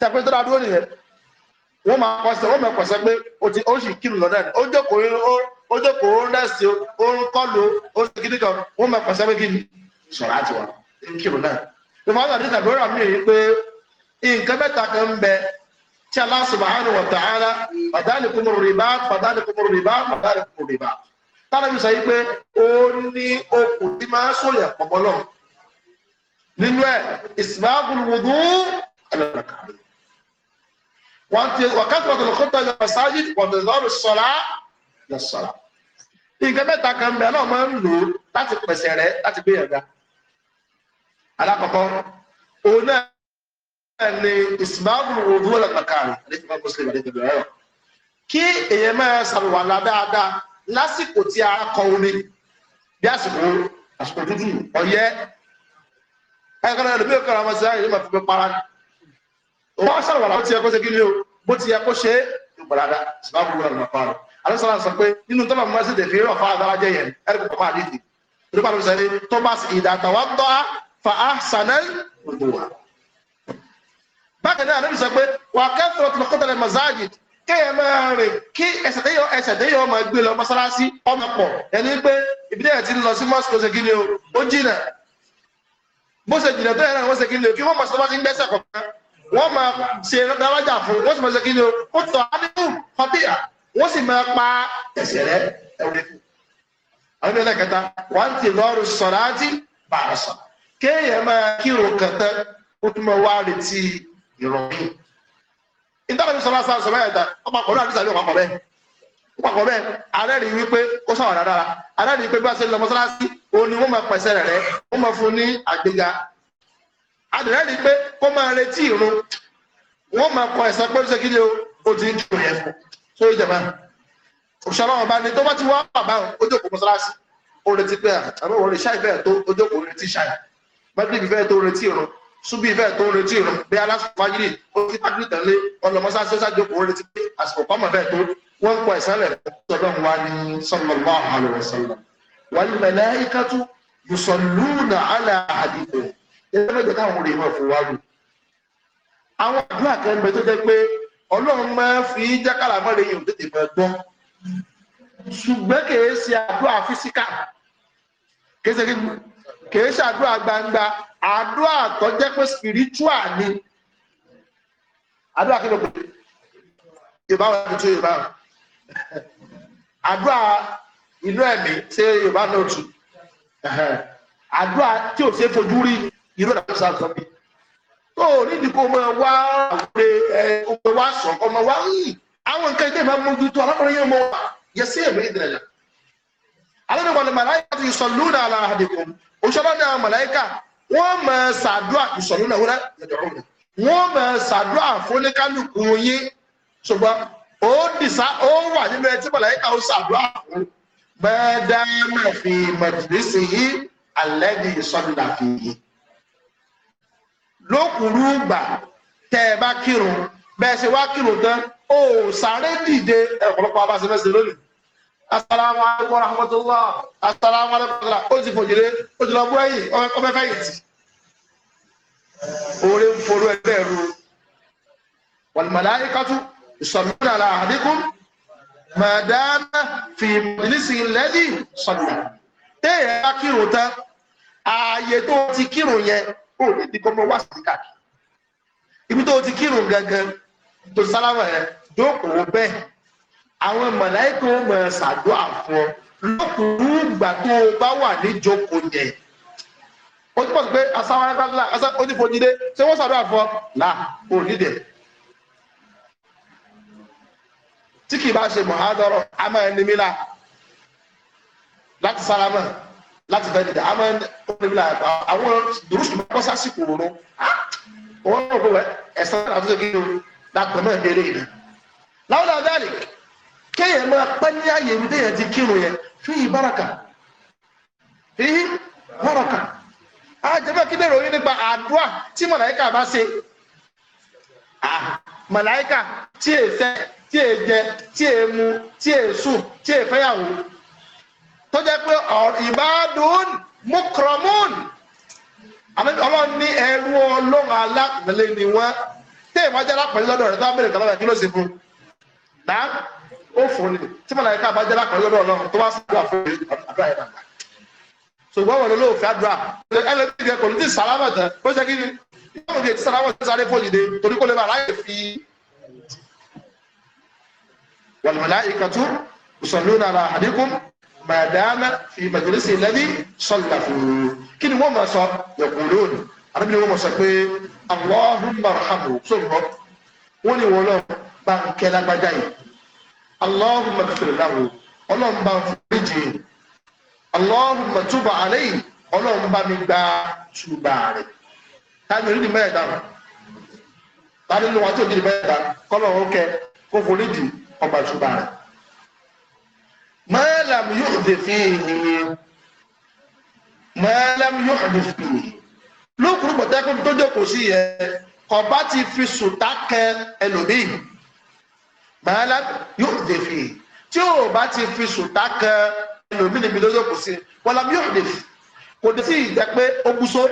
tẹ̀pẹ́ tó dáa dúró nìyẹn wọ́n máa kọ́ wọ́n máa kọ́ pé ó sì kírun lọ́dẹ̀ ó jókòó ó jókòó ó ń rẹ́sì ó ń kọlù ó ń kíní kan wọ́n máa pàṣẹ pé kí ni sọ̀rọ̀ àti wà ń kírun náà ìfọwọ́sà ní ìtàgbé rà mí rí pé nǹkan mẹ́ta kan ń bẹ tí Allah subhanahu wa ta'ala fadalikumur riba fadalikumur riba fadalikumur riba tára mi sọ yìí pé ó ní okùn tí máa sóyà pọ̀pọ̀lọ́ nínú ẹ̀ isbagul wudu alárakaàbẹ̀ wọ́n ti wàkàtí wàkàtí wàkàtí wàkàtí wàkàtí wàkàtí wàkàtí nǹkan mẹ́ta kan bẹ náà máa ń lò láti pèsè rẹ láti gbé yàrá alákọ̀ọ́kọ́ òun náà ni ìsìmáàbù òdu ọlọ́kàkàrà àdéjọba mùsùlùmí àdéjọba ẹ̀rọ kí èèyàn máa ṣàlùwàlà dáadáa lásìkò tí a kọ omi bí àsìkò àsìkò dúdú ọyẹ ẹgbẹ́ ẹlòmíì kan àwọn ṣe àyè máa fi para wọ́n ṣàlùwàlà bó ti yẹ kó ṣe kí ni o bó ti yẹ kó ṣe é ìgbàládà ìsìmáàbù òdu ọlọ́kàkàrà alẹ́sọ̀rọ̀ sọ pé nínú tó bá mọ́ sí tẹ̀fì rọ̀ fún agbára jẹ́ yẹn ẹ̀rí kò fún àdìdì tó bá sọ ní tó bá sì ìdàtà wá tọ́ a fa a sànẹ́ gbogbo wa. bákan náà níbi sọ pé wà kẹ́fọ́ tó lọ́kọ́ tẹ̀lé mazajid kéèyàn máa rìn kí ẹsẹ̀ tẹ́ yọ ẹsẹ̀ tẹ́ yọ ọmọ gbé lọ mọ́sálásí ọmọ pọ̀ ẹni pé ìbílẹ̀ ti lọ sí wọ́n máa ṣe dáwájà fún wọ́n sì mọ̀ ṣe kíni o ó tọ̀ á nínú wọ́n sì máa pa ẹ̀ṣẹ̀ rẹ̀ ẹ̀wọ̀n ẹ̀kú. àwọn ẹ̀rọ kẹta wọ́n ti lọ́ọ̀rù sọ̀rọ̀ àti bàrà sọ̀rọ̀ kéèyàn máa kírun kẹta ó tún máa wá retí ìrọ̀rùn. ìtàkùn sọ̀rọ̀ àṣà sọ̀rọ̀ ẹ̀dá ọmọ akọ̀rọ̀ àdúrà ní ọmọ bẹ́ẹ̀ ọmọ bẹ́ẹ̀ arẹ́rìí wípé ó sọ̀rọ̀ dáadáa arẹ́rìí pé bí wọ́n ṣe lọ mọ́sálásí òun ni wọ́n máa pẹ̀sẹ̀ rẹ̀ wọ́n máa fún ní àgbéga adìrẹ́rìí pé kó máa retí ìrun wọ́n máa kọ ẹ̀sán pé kí ni o ó ti ń kírun yẹn fún tó yẹ jẹba òṣèlú ọba ni tó bá ti wá bàbá ojú òkú mọ́sálásí ó retí pé ah, àbẹ̀ wọ́n lè ṣáì bẹ́ẹ̀ tó ojú òkú retí ṣáì mẹ́tìrì bẹ́ẹ̀ tó retí ìrun súbì bẹ́ẹ̀ tó retí ìrun bí alásùkò fájìlì ó ti fájìlì tẹ̀lé ọlọmọsáṣí ó ṣáàjì òkú retí pé àsìkò kọ́mọ̀ bẹ́ẹ̀ tó wọ́n kọ ìsálẹ̀ sọ́dọ̀n wa ni sallallahu alaihi wasallam wal malaikatu ọlọ́run máa fi jákàlà mọ́lẹ̀ yìí tètè máa gbọ́ ṣùgbọ́n kìí ṣe àdúrà físíkà kìí ṣe àdúrà gbangba àdúrà tó jẹ́ pé spiritual ni àdúrà kí ló pè yorùbá wà ní tó yorùbá wà àdúrà inú ẹ̀mí ṣe yorùbá náà àdúrà tí ò ṣe fojú rí irú ẹ̀dá tó sáà bíi tó o nídìí kó o máa wá àwòrán ẹ o máa wá sọ ọmọ wa àwọn nǹkan ìdè máa mójútó alákùnrin yẹn mọ wa yẹ sí èmi ìdìrẹ̀ yà alẹ́ nípa màláìka ti sọ lónà àlà àdìgún òṣèlú náà màláìka wọ́n máa ṣàdúrà ìsọ̀lú náà wúlẹ̀ yẹ̀dọ̀rọ̀ wọ́n máa ṣàdúrà fúnikálukú yín ṣùgbọ́n ó dìsá ó wà nínú ẹtí màláìka ó ṣàdúrà fún bẹ́ẹ̀ dáná lókùnrúgbà tẹ́ ẹ bá kírun bẹ́ẹ̀ ṣe wá kírun tán ó sáré dìde ẹ̀pọ̀lọpọ̀ abáṣẹ́fẹ́sẹ̀ lónìí asalaamu alaykum rahmatulah asalaamu alaykum rahmatulah ó ti fòjìlé ó ti lọ bú ẹ̀yìn ọmọ ẹfẹ yìí tì oore ń forú ẹgbẹ́ ru wàlùmọ̀láyíkátú ìsọ̀mílẹ̀ àlàáhàdíkùn mọ̀dáná fi ìmọ̀lísì lẹ́dí sọ̀tà téèyàn bá kírun tán ààyè tó ti kírun yẹn ó ní ibi kọ́mọ wá sí káàkiri ibi tó ti kírun gangan tó sálámà yẹn dókòwò bẹ́ẹ̀ àwọn mọ̀láìkò mọ̀ ṣàdúrà fún ọ lọ́kùnrin ìgbà tó o bá wà níjókòó yẹn ó ti pọ̀ sí pé asáwọn arákàlá asá onífojìdé ṣé wọ́n ṣàdúrà fún ọ là kò nídẹ̀ tí kì í bá ṣe mọ̀ á máa ní mí láti sálámà láti fẹ́ dìde àmọ́ oníbìlà àwọn dùrúsùn máa pọ́sá sí kòrónú wọ́n mọ̀ pé ẹ̀sán àtúnṣe kí ni lápẹ̀ náà délé ìdá. láwọn náà dáàlì kéèyàn máa pẹ́ ní ààyè ibi téèyàn ti kírun yẹn fún yìí báràkà fíhí báràkà àjẹmọ́ kí lè ròyìn nípa àdúrà tí màláìkà bá ṣe màláìkà tí èsẹ tí èjẹ tí èmu tí èsùn tí èfẹ́yàwó tó jẹ́ pé ìbádùn mukromun ọlọ́run ní ẹrú ọlọ́run alápẹ̀lẹ́ ni wọ́n tẹ́ ìwọ́n jẹ́ lọ́dọ̀ rẹ̀ tó bá bẹ̀rẹ̀ tó lọ́dọ̀ kí ló sì fún dá ó fún ni tí màláyé ká bá jẹ́ alápẹ̀lẹ́ lọ́dọ̀ ọlọ́run tó bá sì gbà fún mi àdúrà yẹn nàgbà ṣùgbọ́n wọn ló fẹ́ àdúrà ẹlẹ́tì rẹ̀ kò ní ti sàlámà tán ó ṣe kí ni yóò fi sàlámà tán sáré fún ìdè torí kó lè bá aláyè fi màdáàmà fi màjèlésì lẹ́ni sọ́lá fòrò kí ni wọ́n máa sọ yẹ̀kúrò ní àdébí ni wọ́n máa sọ pé Allahumma rahamu sọ̀rọ̀ wọ́n ní wọ́n lọ bá ń kẹ́ lágbájá yìí Allahumma fèrè láwo ọlọ́run bá ń forí jì í mi gba túbà rẹ̀ táyọ̀ orí ni mẹ́ẹ̀ẹ́dá táyọ̀ orí ni wọ́n ti orí ni mẹ́ẹ̀ẹ́dá kọ́lọ́run kẹ́ kó forí jì ọgbà malam yóò dé malam hìhìn mọ́làm yóò dé fi hìhìn lókùrú pọ̀tẹ́kùn tó jókòó sí yẹ ọba ti fi sùtá kẹ ẹlòmíì mọ́làm yóò dé fi hìhìn tí o bá ti fi sùtá kẹ ẹlòmíì níbi tó jókòó sí mọ́làm yóò dé fi kò dé sí ìjẹ́ pé ó bú só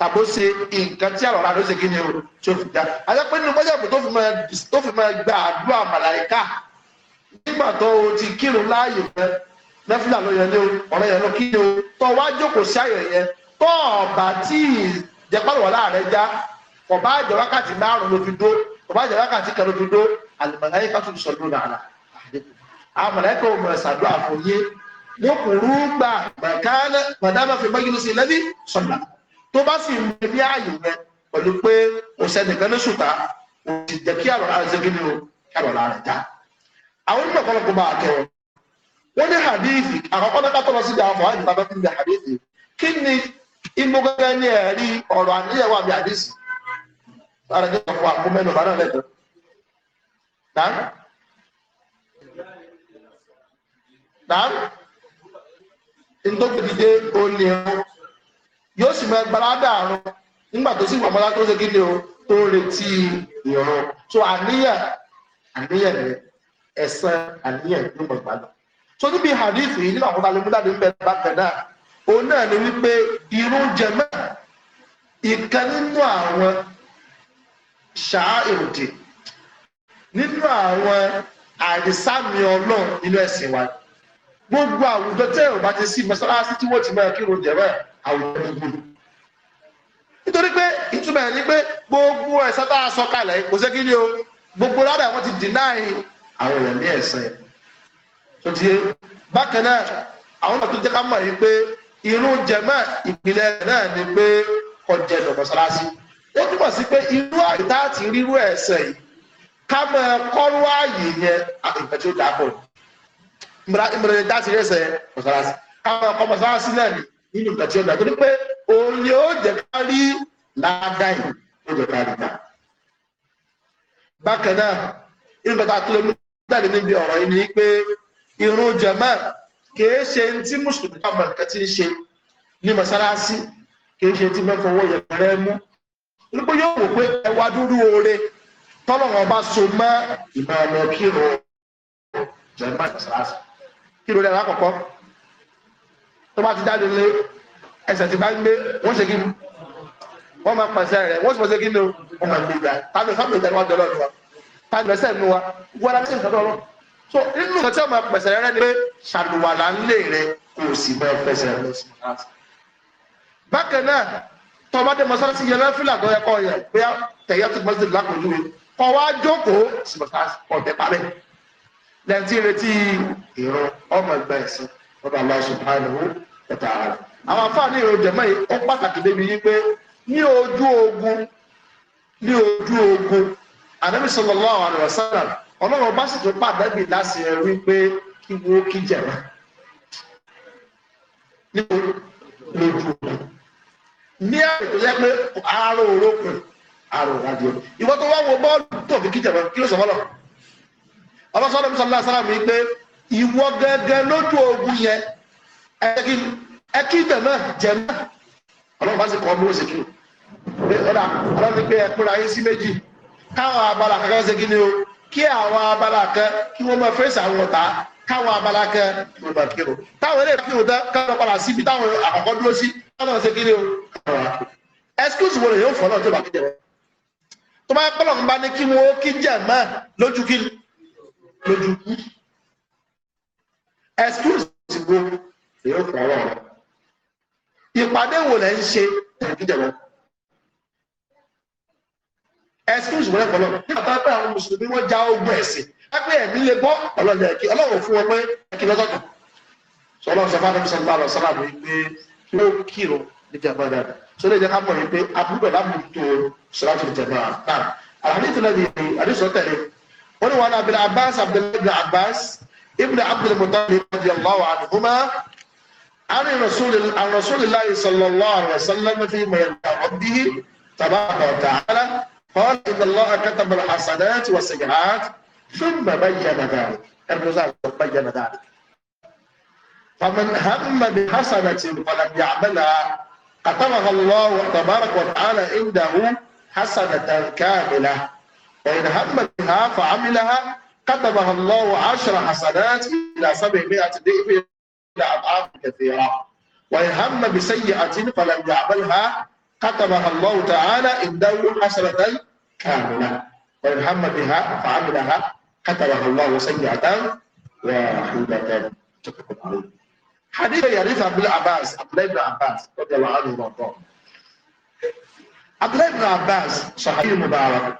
tàbó ṣe nǹkan tí àlọ́ rárá ó ṣe kí ni o tí o fi dá a jẹ́ pé nínú mọ́jàpọ̀ tó fi máa gba màláìka nígbà tó o ti kírun láàyè yẹn nẹ́fìlà ló yẹn ní ọ̀rẹ́ yẹn ló kí ni o tó wá jókòó sí àyè yẹn tó ọ̀bà tí ìjẹpọ̀lọ̀wọ̀ láàrẹ̀ já ọ̀bá àjọ wákàtí márùn ló fi dó ọ̀bá àjọ wákàtí kan ló fi dó àlùmọ̀láyé ká tún sọ lórí àlà àmọ̀láyé kan ò mọ̀ ṣàdúrà fún yé wọn kò rú gbà mọ̀kálẹ̀ mọ̀dámà fi mọ́jú lọ sí lẹ́bí sọ̀là tó bá sì mú ẹbí ààyè rẹ pẹ̀lú pé òṣèlú kan ní sùtà òṣìjẹ́ kí àlọ́ àwọn onímọ̀ kọ́lọ́kọ́ bá kẹ́ wọn wọ́n ní hadithi àkọ́kọ́ náà kátó lọ sí ìdáhùn fún àyíká tó ń bẹ hadithi kí ni imúgẹ́gẹ́ ní ẹ̀rí ọ̀rọ̀ àníyẹ̀wò àbí hadithi lára ní ọ̀fọ̀ àkó mẹ́nu bá náà lẹ́tọ̀ọ́ nàá nàá ntọ́gbẹ̀dìde olè ẹ̀rọ yóò sì máa gbalada àrùn nígbà tó sì wà mọ́lá tó ṣe kí ni o tó retí ìrọ̀ tó àníyàn àníyàn nìyẹn ẹ̀sán àníyàn ló mọ̀ gbà lọ. tó níbi hadith yìí nínú àwọn balẹ̀múdáde ń bẹ bákan náà òun náà ni wípé irun jẹmọ́ ìkan nínú àwọn ṣáá èròdì nínú àwọn àìsàmì ọlọ́run nínú ẹ̀sìn wa gbogbo àwùjọ tẹ́ ò bá ti sí mọ́sálásí tí wọ́n ti máa kírun jẹ̀mọ́ àwùjọ gbogbo nítorí pé ìtumọ̀ ẹ̀ ni pé gbogbo ẹ̀sán tá a sọ kalẹ̀ kò sé kí ni o gbogbo ládàá wọn ti dìnnáà àwọn èèyàn ní ẹ̀sìn yẹn tó ti bákan náà àwọn àti jẹ́ ká mọ̀ yìí pé irun jẹ̀mọ́ ìpìlẹ̀ náà ni pé kọjẹ́ lọ mọ́sálásí ó túmọ̀ sí pé irú àyè tá a ti rírú ẹ̀sìn yìí ká mọ kọ́rú àyè yẹn àgbègbè tí ó dáa bọ̀ ìmọ̀lẹ̀ tá ti rí ẹ̀sìn mọ́sálásí ká mọ kọ́ mọ́sálásí náà ni nínú ìgbà tí ó dáa torí pé òun ó jẹ́ ká ládàá yìí ó jẹ́ ká rí bákan náà nínú ìgbà tó lé jáde níbi ọ̀rọ̀ yìí ni pé irun jama kìí ṣe tí mùsùlùmí ọmọ nǹkan ti ṣe ní mọ́sálásí kìí ṣe tí mẹ́fọ́ owó yẹn rẹ mú nígbà yóò wò pé ẹwà dúdú oore tọ́lọ̀wọ̀n bá so mọ́ ìmọ̀ràn kí irun jama mọ́sálásí kí irun rẹ̀ lákọ̀ọ́kọ́ tó bá ti jáde lé ẹsẹ̀ tí bá ń gbé wọ́n ṣe kí wọ́n máa pàṣẹ rẹ̀ wọ́n sì pàṣẹ kí ni wọ́n máa gbé ìgbà tábìlì sábìlì ìjà ni wọ́n wa ta lẹ́sẹ̀ nu wa wọ́n á lẹ́sẹ̀ lọ́dọ̀ ọlọ́run so inú ìtàn tí ọmọ pẹ̀sẹ̀ rẹ ni pé ṣàlùwàlà ń lè rẹ kò sì bẹ́ẹ̀ pẹ̀sẹ̀ rẹ sí i. bákan náà tọba dé mọ́sálásí yẹn lẹ́fìlà tó yẹ kọ́ yẹ pé tẹ̀yẹ́ tó mọ́sálásí lákòójú yẹn kọ́ wá jókòó ọ̀tẹ̀ parẹ́ lẹ́yìn tí retí ìrọ̀ ọmọ ẹgbẹ́ ẹ̀sìn ọba Allah subhanahu wa ta'ala. àwọn afáàní ìrọ̀ jẹ̀mọ́ yìí ó pàtàkì débi yìí pé ní ojú ogun ní ojú ogun ànábì sallallahu alaihi wasallam ọlọ́run bá sì tún pàdébì láti ẹ wí pé kí wo kí jẹ̀rọ ní lójú òkun ní àgbègbè yẹ pé àárò orókùn àárò ìrìnàjò ìwọ tó wá wo bọ́ọ̀lù tó fi kí jẹ̀rọ kí ló sọ fọlọ ọlọ́sọ́dọ̀ sallallahu alaihi wasallam pé ìwọ gẹ́gẹ́ lójú ogun yẹn ẹ kí jẹ̀mọ́ jẹ̀mọ́ ọlọ́run bá sì kọ́ ọmọ òsèkì ọlọ́run pé ẹ pínra yín sí méjì káwọn abala kankan ṣe gíní o kí àwọn abala kan kí wọ́n máa fèsì àwọn ọ̀tá káwọn abala kan kí wọ́n máa kírun táwọn eré ìpínlẹ̀ tán káwọn padà síbi táwọn àkọ́kọ́ dúró sí káwọn ṣe gíní o excuse wo lè yóò fọ́ náà tó bá kíjẹ̀ tó bá pẹ́lọ̀ ń bá ní kí wọ́n kíjẹ̀ mọ́ lójú kí lójú kú excuse wo lè yóò fọ́ náà ìpàdé wo lẹ́ ń ṣe kíjẹ̀ mọ́ excuse wọn lẹ́kọ̀ọ́ náà nígbà tó pé àwọn mùsùlùmí wọ́n já ogun ẹ̀sìn ẹgbẹ́ ẹ̀mí lè gbọ́ ọlọ́lẹ̀ ẹ̀kí ọlọ́run fún wọn pé ẹ̀kí lọ́sọ̀tọ̀ sọ ọlọ́run sọ fáwọn sọ̀rọ̀ àrọ̀ sọ̀rọ̀ àrọ̀ pé kí ó kírò ní jàmbá dáadáa sọ lè jẹ́ ká mọ̀ pé abúlé bá mú tó sọ̀rọ̀ àti jàmbá náà àdìsọ náà nìyí àdìsọ tẹ̀lé wọn ni wọn náà bẹ̀rẹ̀ abbas abdullahi abbas ibn abdul muttalib radiyallahu anhuma عن رسول عن رسول الله صلى الله عليه وسلم فيما يدعى عبده تبارك وتعالى قال إن الله كتب الحسنات والسيئات ثم بين ذلك الرزاق بين ذلك فمن هم بحسنة فلم يعملها كتبها الله تبارك وتعالى عنده حسنة كاملة فإن هم بها فعملها كتبها الله عشر حسنات إلى سبعمائة ضعف إلى أضعاف كثيرة وإن هم بسيئة فلم يعملها كتبها الله تعالى عنده حسنة كاملة وإن هم بها فعملها كتبها الله سيئة واحدة متفق عليه حديث يرث ابن عباس عبد الله بن عباس رضي الله عنه وارضاه عبد الله بن عباس صحيح مبارك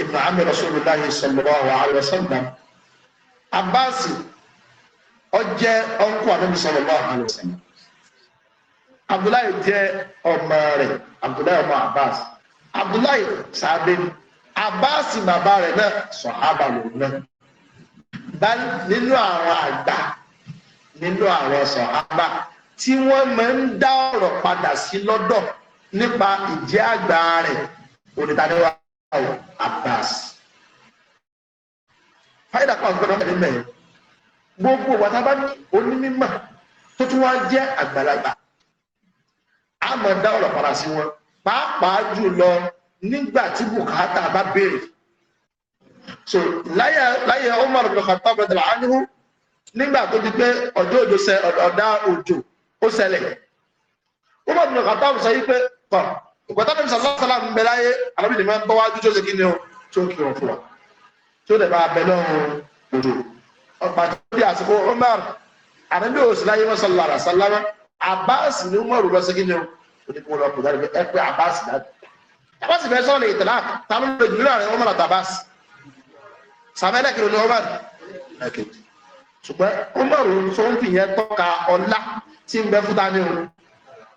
ابن عم رسول الله صلى الله عليه وسلم عباسي النبي صلى الله عليه وسلم abdullahi jẹ́ ọmọ rẹ̀ abdullahi ọmọ abbas abdullahi sábẹ́ abbas bàbá rẹ̀ náà sàhábà lòun náà bá nínú àwọn àgbà nínú àwọn sàhábà tí wọ́n máa ń dá ọ̀rọ̀ padà sí lọ́dọ̀ nípa ìjẹ́ àgbà rẹ̀ onítàdéwà abbas fáyidà kan gbọ́dọ̀ mẹ́rin mẹ́rin gbogbo wàtábà ní onímọ̀ tó tún wá jẹ́ àgbàlagbà a máa dá ọ̀rọ̀ padà sí wọn pàápàá jùlọ nígbà tí bùkátà bá béèrè so láyé láyé Umar ibn Khattab radhiyallahu anhu nígbà tó di pé ọjọ́ òjò ṣẹ ọ̀dá òjò ó ṣẹlẹ̀ Umar ibn Khattab sọ yí pé kọ̀ ìgbàtà nàbí sallallahu alaihi wasallam ń bẹ láyé alábìlẹ̀ máa ń tọ́wá ju tó ṣe kí ni o tó kí wọn fún wa tó dẹ̀ bá abẹ lọ́rùn òjò ọ̀pá tó di àsìkò Umar àdébíyòsí láyé wọn sallallahu alaihi wasallam Abbas ni Umar lọ sí kí ni o torí kí wọ́n lọ kùdà lórí ẹgbẹ́ Abbas dájú Abbas fẹ́ sọ́ọ́ lè tẹ̀lá ta ló lè jùlọ àrẹ Umar àti Abbas sàmẹ́ lẹ́kìrì ní Umar lẹ́kìrì ṣùgbọ́n Umar ń fi yẹn tọ́ka ọlá tí ń bẹ fúta ní òun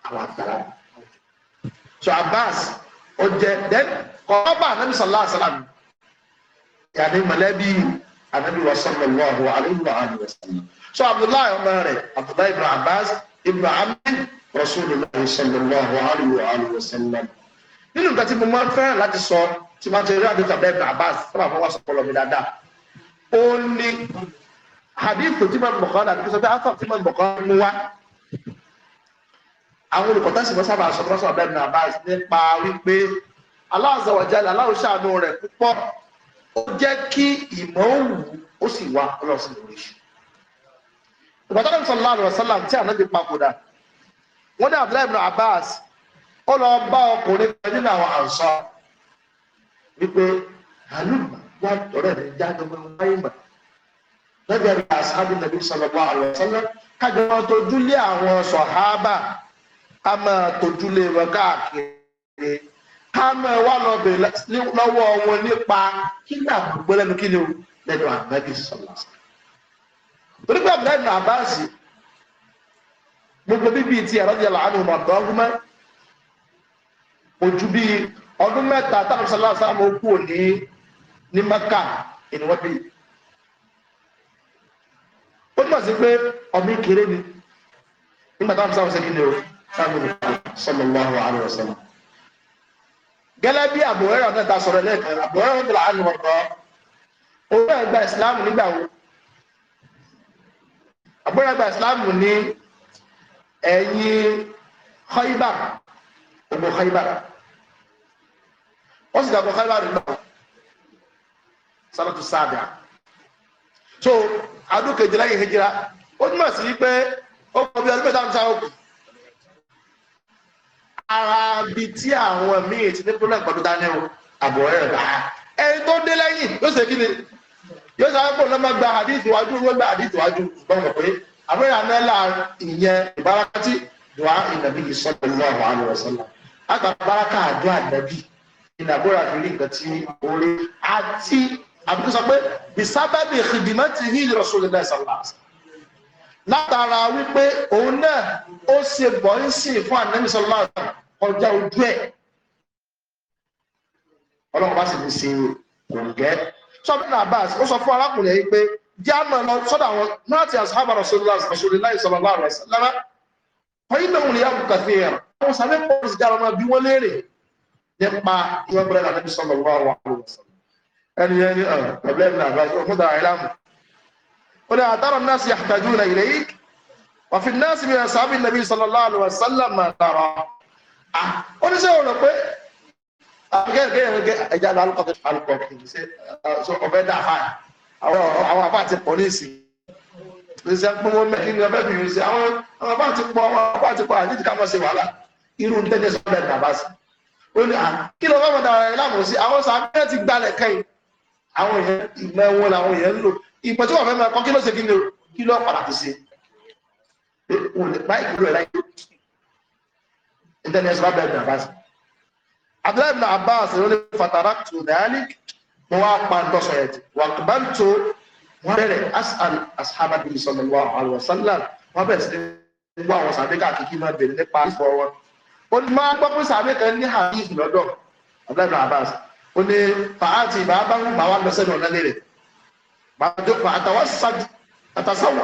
àwọn àgbàlá so Abbas ó jẹ then kọ́ọ́bà anabi sallallahu alayhi wa sallam yàrá mọ̀lẹ́bí anabi wa sallallahu alayhi wa sallam so Abdullahi ọmọ rẹ̀ Abdullahi ibn Abbas ibn Rasulullah sallallahu alaihi wa alihi wa sallam nínú nǹkan tí mo máa ń fẹ́ràn láti sọ tí máa ń tẹ̀lé àdéhùn abẹ́ Abbas sábà fọwọ́ sọpọlọ mi dáadáa ó ní hadith tí máa ń bọ̀kọ́ náà nípa sọ pé afọ tí máa ń bọ̀kọ́ mú wá àwọn olùkọ́tà sì mọ́ sábà sọpọlọ sọ abẹ́ Abbas nípa wípé Allah azza wa Allah ṣàánú rẹ̀ púpọ̀ ó jẹ́ kí ìmọ̀ òwú ó sì wá ọlọ́sìn lórí ìgbà tó ń sọ láàrọ̀ sọ́lá tí wọ́n ní abdullahi ibn abbas ó lọ bá ọkùnrin kan nínú àwọn àǹsọ wípé àlùmọ wà tọrẹ rẹ jáde máa ń wáyé mọ lẹgbẹẹ rẹ asábì nàbí sọlọgbà àlọsọlẹ kájọ máa tójú lé àwọn sọhábà ká máa tójú lé wọn káàkiri ká máa wá lọ bè lọ́wọ́ wọn nípa kí ní àbúgbó lẹ́nu kí ni o lẹ́nu àgbẹbí sọlọ torí pé abdullahi abbas yìí gbogbo bíbí ti radiyallahu anhum àdọ́gúnmọ́ ojú bí ọdún mẹ́ta táwọn sọlá sáàmù okú òní ní mẹ́kà ìníwọ́n bí ó túmọ̀ sí pé ọmọ ìkéré ni nígbà táwọn sáàmù sẹ́kì ni o sáàmù sallallahu alaihi wasallam gẹ́lẹ́ bí àbúrẹ́rẹ́ ọ̀dọ́ ta sọ̀rọ̀ lẹ́ẹ̀kan àbúrẹ́rẹ́ ọ̀dọ́ làánú ọ̀dọ́ òun náà gba ìsìláàmù nígbà wo àbúrẹ́rẹ́ gba ìsìláàmù ní ẹ̀yìn Khaybar ogun Khaybar wọ́n sì dàgbọ́ Khaybar náà sálọ́tù sáàdà so adó kejìlá yìí hijira ó túmọ̀ sí pé ó kọ bí ọdún mẹ́ta ń sáwọ́ kù ara bi tí àwọn míì ti ní problem pẹ̀lú Daniel àbọ̀ ẹ̀rọ bá ẹni tó dé lẹ́yìn yóò ṣe kí ni yóò ṣe àpò lọ́mọ gba àdìsíwájú ló gba àdìsíwájú gbọ́n pé àbẹ́rẹ́ àmẹ́là ìyẹn ìbárakátí dùá ìnàbí sallallahu alaihi wasallam àgbàbáraka àdó ànàbí ìnàbóra fi rí nǹkan tí ó rí àti àbúkú sọ pé bisábàbí ìdìmọ́tì ní Rasulullah sallallahu látara wípé òun náà ó ṣe bọ̀ ń sìn fún ànàbí sallallahu ọjà ojú ẹ̀ ọlọ́run bá sì fi ṣe kò ń gẹ́ ó sọ fún arákùnrin yìí pé جامع صدع ناتي أصحاب رسول الله رسول الله صلى الله عليه وسلم فإنهم ليام كثير وسامي قرص جارنا بيوليني يبقى يبقى النبي صلى الله عليه وسلم أن يعني أه قبلنا بس خدع علام ولا ترى الناس يحتاجون إليك وفي الناس من أصحاب النبي صلى الله عليه وسلم ما ترى أه ولا سوى لك أه غير غير غير أجعل القطع القطع سوى بدأ فاهم àwọn àwọn àbá ti pọ̀ léèsì lèsì pé wọ́n mẹ́kí ní ọbẹ̀ bìrì sí àwọn àwọn àbá ti pọ̀ àwọn àbá ti pọ̀ àdídì ká mọ̀ sí wàhálà irú ní tẹ́jẹ́ sọ bẹ́ẹ̀ bàbá sí ó ní kí ló fẹ́ mọ̀dà rẹ̀ láàmú sí àwọn sàbẹ́ ti gbalẹ̀ kẹ́yìn àwọn èèyàn ìmọ̀ ẹ̀wọ̀n làwọn èèyàn ń lò ìpọ̀ tí wọ́n fẹ́ mọ̀ kí ló ṣe kí ni kí ló padà fi ṣe Abdullahi ibn Abbas ló ní fatarak tó dáálíkì mo wá pa ntọ́sọ̀ yẹn ti wà tó bá ń tó wọ́n bẹ̀rẹ̀ asal ashabadu sallallahu alaihi wasallam wọ́n bẹ̀rẹ̀ sí ní gbọ́ àwọn sàbẹ́ káàkiri máa bèrè nípa ìfọ̀ wọn ó ní máa gbọ́ pé sàbẹ́ kan ní hadith lọ́dọ̀ abdullahi abbas ó ní fàáàtì bàbá ń bá wa lọ sẹ́nu ọ̀nà lérè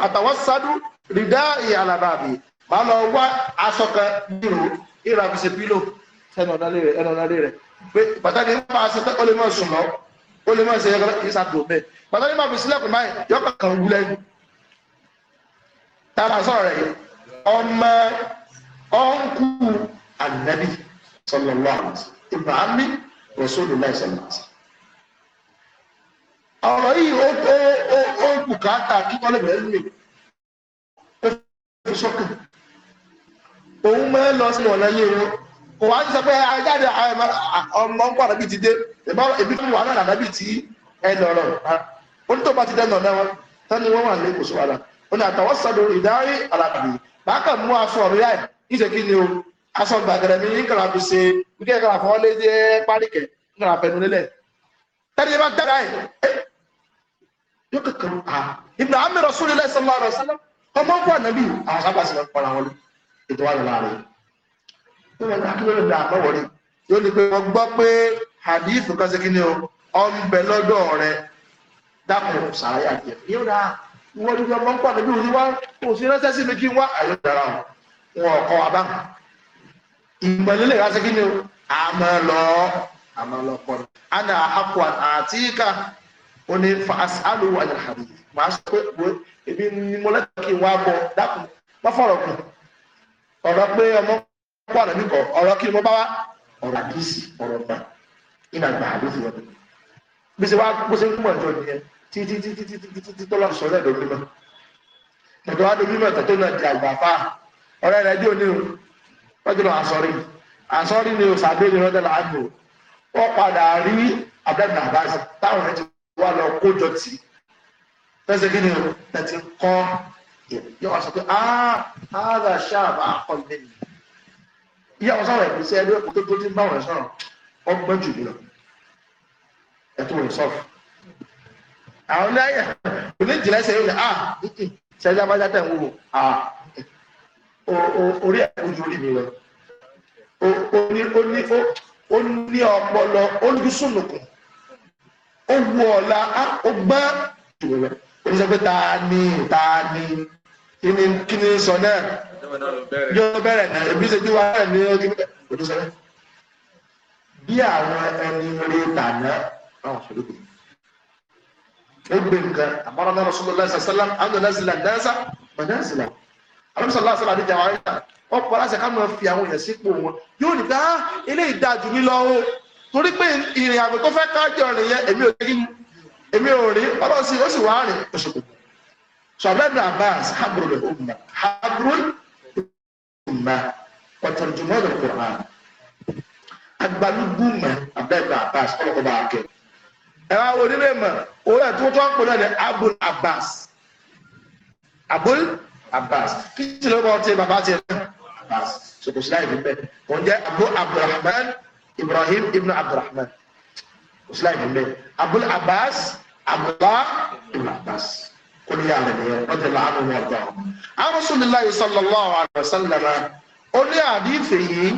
àtàwọ́sádù rìdá ìyàlàbàbì máa lọ wá aṣọ kan nírò ìràbìsẹ̀ pílò sẹ́nu ọ̀nà lérè pàtàkì ń bá aṣọ tẹ́kọ̀ọ́ ó lè máa ṣe ẹgbẹ́ kí sàdùn bẹ́ẹ̀ pàtó ní máa fi sílẹ̀kùn báyìí yọ kàkà wú lẹ́yìn tààrà sọ̀rọ̀ rẹ̀ ọmọ ọ̀nkú ànábì sallallahu alaihi wasallam ìbámi Rasulullah sallallahu alaihi wasallam. ọ̀rọ̀ yìí ó ó ó bùkátà kí wọ́n lè bẹ̀rẹ̀ lè ó fi sọ́kàn òun máa ń lọ sí ọ̀nà yẹn wọn kò wá sọ pé ajáde ah, ah, ah, ọmọ nǹkan ànábì ti dé èmi fún wa náà ànábì tí ẹ lọ̀rọ̀ onítọ̀ọ̀bá ti dẹ́nu ọ̀nà wọn tani wọn wà ní kò sówà náà ó ní àtàwọn sọdọ ìdárí alábìrì bákà mú aṣọ ọ̀rọ̀ yá ẹ̀ níṣẹ́ kí ni o aṣọ gbàgẹ̀rẹ̀ mi nǹkan àfi ṣe nǹkan kan àfọwọ́ lé jẹ́ páríkẹ̀ nǹkan àfẹnu lélẹ̀ tẹ́lẹ̀ bá dára ẹ̀ yóò kẹ̀kẹ́ à ìbùdó àmì rọ̀ sórí lẹ́sẹ̀ máa ń pọ̀ra wọn ètò wà tó lè ní akíló lè dà mọ́wọ́rí yóò ní pé wọ́n gbọ́ pé hadith kan ṣe kí ni o ọ̀nbẹ lọ́dọ̀ rẹ dákun sàráyà jẹ yóò dá wọ́n ní ọmọ ń pàdé bí òní wá kò sí ránṣẹ́ sí mi kí wá àyọ̀ dára o wọn ọkọ wa bá ìmọ̀lélẹ̀ ránṣẹ́ kí ni o àmọ́ lọ àmọ́ lọ kọ́ ni ana àpò àtìkà ó ní fa asálù ní hadith màá sọ pé ebi ni mo lẹ́tọ̀ọ́ kí n wá bọ̀ dákun wọ́n fọ̀rọ̀ kù ọ̀rọ̀ pé ọmọ kó àná nìkan ọ̀rọ̀ kí ni mo bá wá ọ̀rọ̀ àdìsí ọ̀rọ̀ gbà iná gbà ló fi wọ́n bí ṣe wá bó ṣe ń mọ̀ ọjọ́ nìyẹn títí títí títí títí tí tọ́lá sọ lẹ́dọ̀ mímọ́ tọ̀tọ̀ wá dé mímọ́ tọ̀tọ̀ náà di àgbà fáà ọ̀rẹ́ rẹ̀ dí òní o wọ́n ti lọ àsọ̀rí àsọ̀rí ni o sàbẹ̀ ni rọ́dẹ̀ làánù o wọ́n padà rí abẹ́nà àbáṣe táwọn rẹ̀ ti wá lọ kójọ tì í fẹsẹ̀ kí ni o tẹ̀sí kọ́ yọ wá sọ pé ah ah the sharp ah kọ́ mi ni ìyàwó sọ̀rọ̀ ẹ̀mí sí ẹgbẹ́ tó tó ti ń bá wọn sọ̀rọ̀ ọgbọ́n jù lọ ẹ̀tún rẹ̀ sọ̀rọ̀ àwọn oníyà oníjìnlẹ̀ ṣe yóò lẹ̀ à ṣẹ́jú abájá ah, tẹ̀ ń wò à ah, orí ẹ̀ ojú orí mi lọ o ní ọpọlọ o ní o ó wù ọ̀la o gbá jù lọ o ní sọ pé ta ni ta ni kí ni sọ náà yóò bẹ̀rẹ̀ náà ebi ṣe ju wa náà ní ojú bẹ́ẹ̀ ojú sẹ́rẹ́. bí àwọn ẹni rí tàná báwọn ṣe lókè. egbe nǹkan àmọ́ra náà Rasulullah sallam àwọn ọ̀nà sílẹ̀ dáńsá ọ̀nà sílẹ̀ àwọn sọ̀rọ̀ láti sọ̀rọ̀ àdéjà wọn ayé náà wọ́n pọ̀ láti ká máa fi àwọn èèyàn sípò wọn yóò ní bá ah, eléyìí dáa jù mí lọ o torí pé ìrìn àgbẹ̀ tó fẹ́ kájọ rìn yẹn èmi ò rí èmi ò rí ọlọ́sìn ó sì wá rìn oṣù kò sọ abẹ́rẹ́ Abbas habrul umma habrul ma ọ̀tọ̀rọ̀jùmọ́ lọ kọ̀ ha agbalúgbù mọ̀ abẹ́gbà abbas ọlọ́kọ̀ọ́bà akẹ́ ẹ wá onílé mọ̀ owó ẹ̀ tó tó ń pè náà ní abul abbas abul abbas kí ti ló bọ́ ti bàbá ti rẹ̀ abbas sọkò sí láì fi bẹ́ẹ̀ wọ́n jẹ́ abu abdulrahman ibrahim ibn abdulrahman kò láì fi bẹ́ẹ̀ abul abbas abdullah ibn abbas kò ní àmì nìyẹn wọ́n sallallahu alaihi wasallam ó ní àdìfẹ́ yìí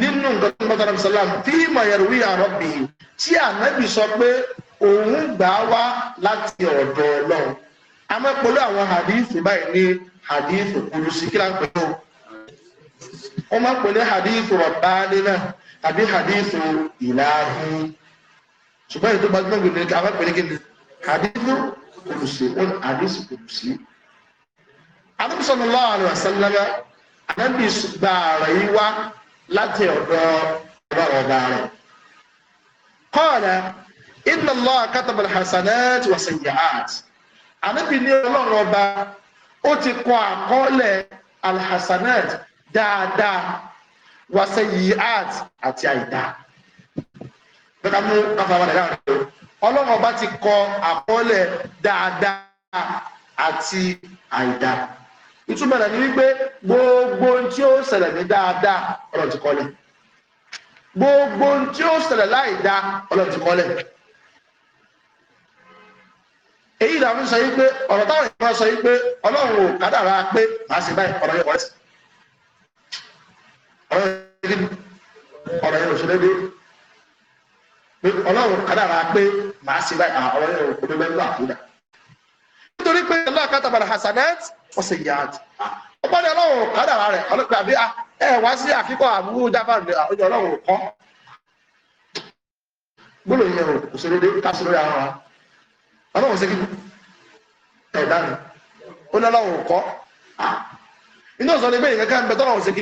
nínú nǹkan tó ń bọ́tà nàbì sálàm tí mọ̀yẹ̀rù wí àrọ́bì yìí tí ànábì sọ pé òun gbà wá láti ọ̀dọ̀ ọlọ́run amẹ́pọ̀lú àwọn hadith báyìí ní hadith kudusi kí láǹpẹ̀ tó wọ́n máa ń hadith rabbani náà tàbí hadith ilahi ṣùgbọ́n ètò gbajúmọ̀ gbèdéke amẹ́pẹ̀lú kí ni hadith kudusi wọn àdìsí kudusi Ànábì sallallahu alaihi wasallam Ànábì gba àrà yìí láti ọ̀dọ̀ ọba ọba rẹ̀ qala inna Allaha kataba al wa sayyi'ati Ànábì ní Ọlọ́run ọba ó ti kọ àkọọ́lẹ̀ alhassanat dáadáa wa sayyi'ati àti àìdá ọlọ́run ọba ti kọ àkọọ́lẹ̀ dáadáa àti àìdá ìtumọ̀ rẹ̀ ni wípé gbogbo ohun tí ó ṣẹlẹ̀ ní dáadáa ọlọ́run ti kọ́lẹ̀ gbogbo ohun tí ó ṣẹlẹ̀ láìdá ọlọ́run ti kọ́lẹ̀ èyí là ń sọ yí pé ọ̀rọ̀ táwọn èèyàn sọ yí pé ọlọ́run ò kádàrá pé màá ṣe báyìí ọ̀rọ̀ yẹn kọ́lẹ̀ sí ọ̀rọ̀ yẹn ṣe déédéé pé ọlọ́run kádàrá pé màá ṣe báyìí àwọn ọ̀rẹ́ rẹ̀ òkúdó lẹ́nu àkúdà nítorí pé ọlọ́run kátàbàrà hasanet wọ́n sì yá àti ó bá ní ọlọ́run kádàrá rẹ̀ ọlọ́pẹ́ àbí ah, ẹ wá sí àfikọ́ àbúrú jáfàrù ní àwùjọ ọlọ́run kọ́ gbọ́dọ̀ yẹn o kò sóde káṣí lórí ara wa ọlọ́run ṣe kí ẹ̀ dánù ó ní ọlọ́run kọ́ ah, inú ọ̀sán ni bẹ́ẹ̀ yẹn kankan bẹ tọ́lọ́run ṣe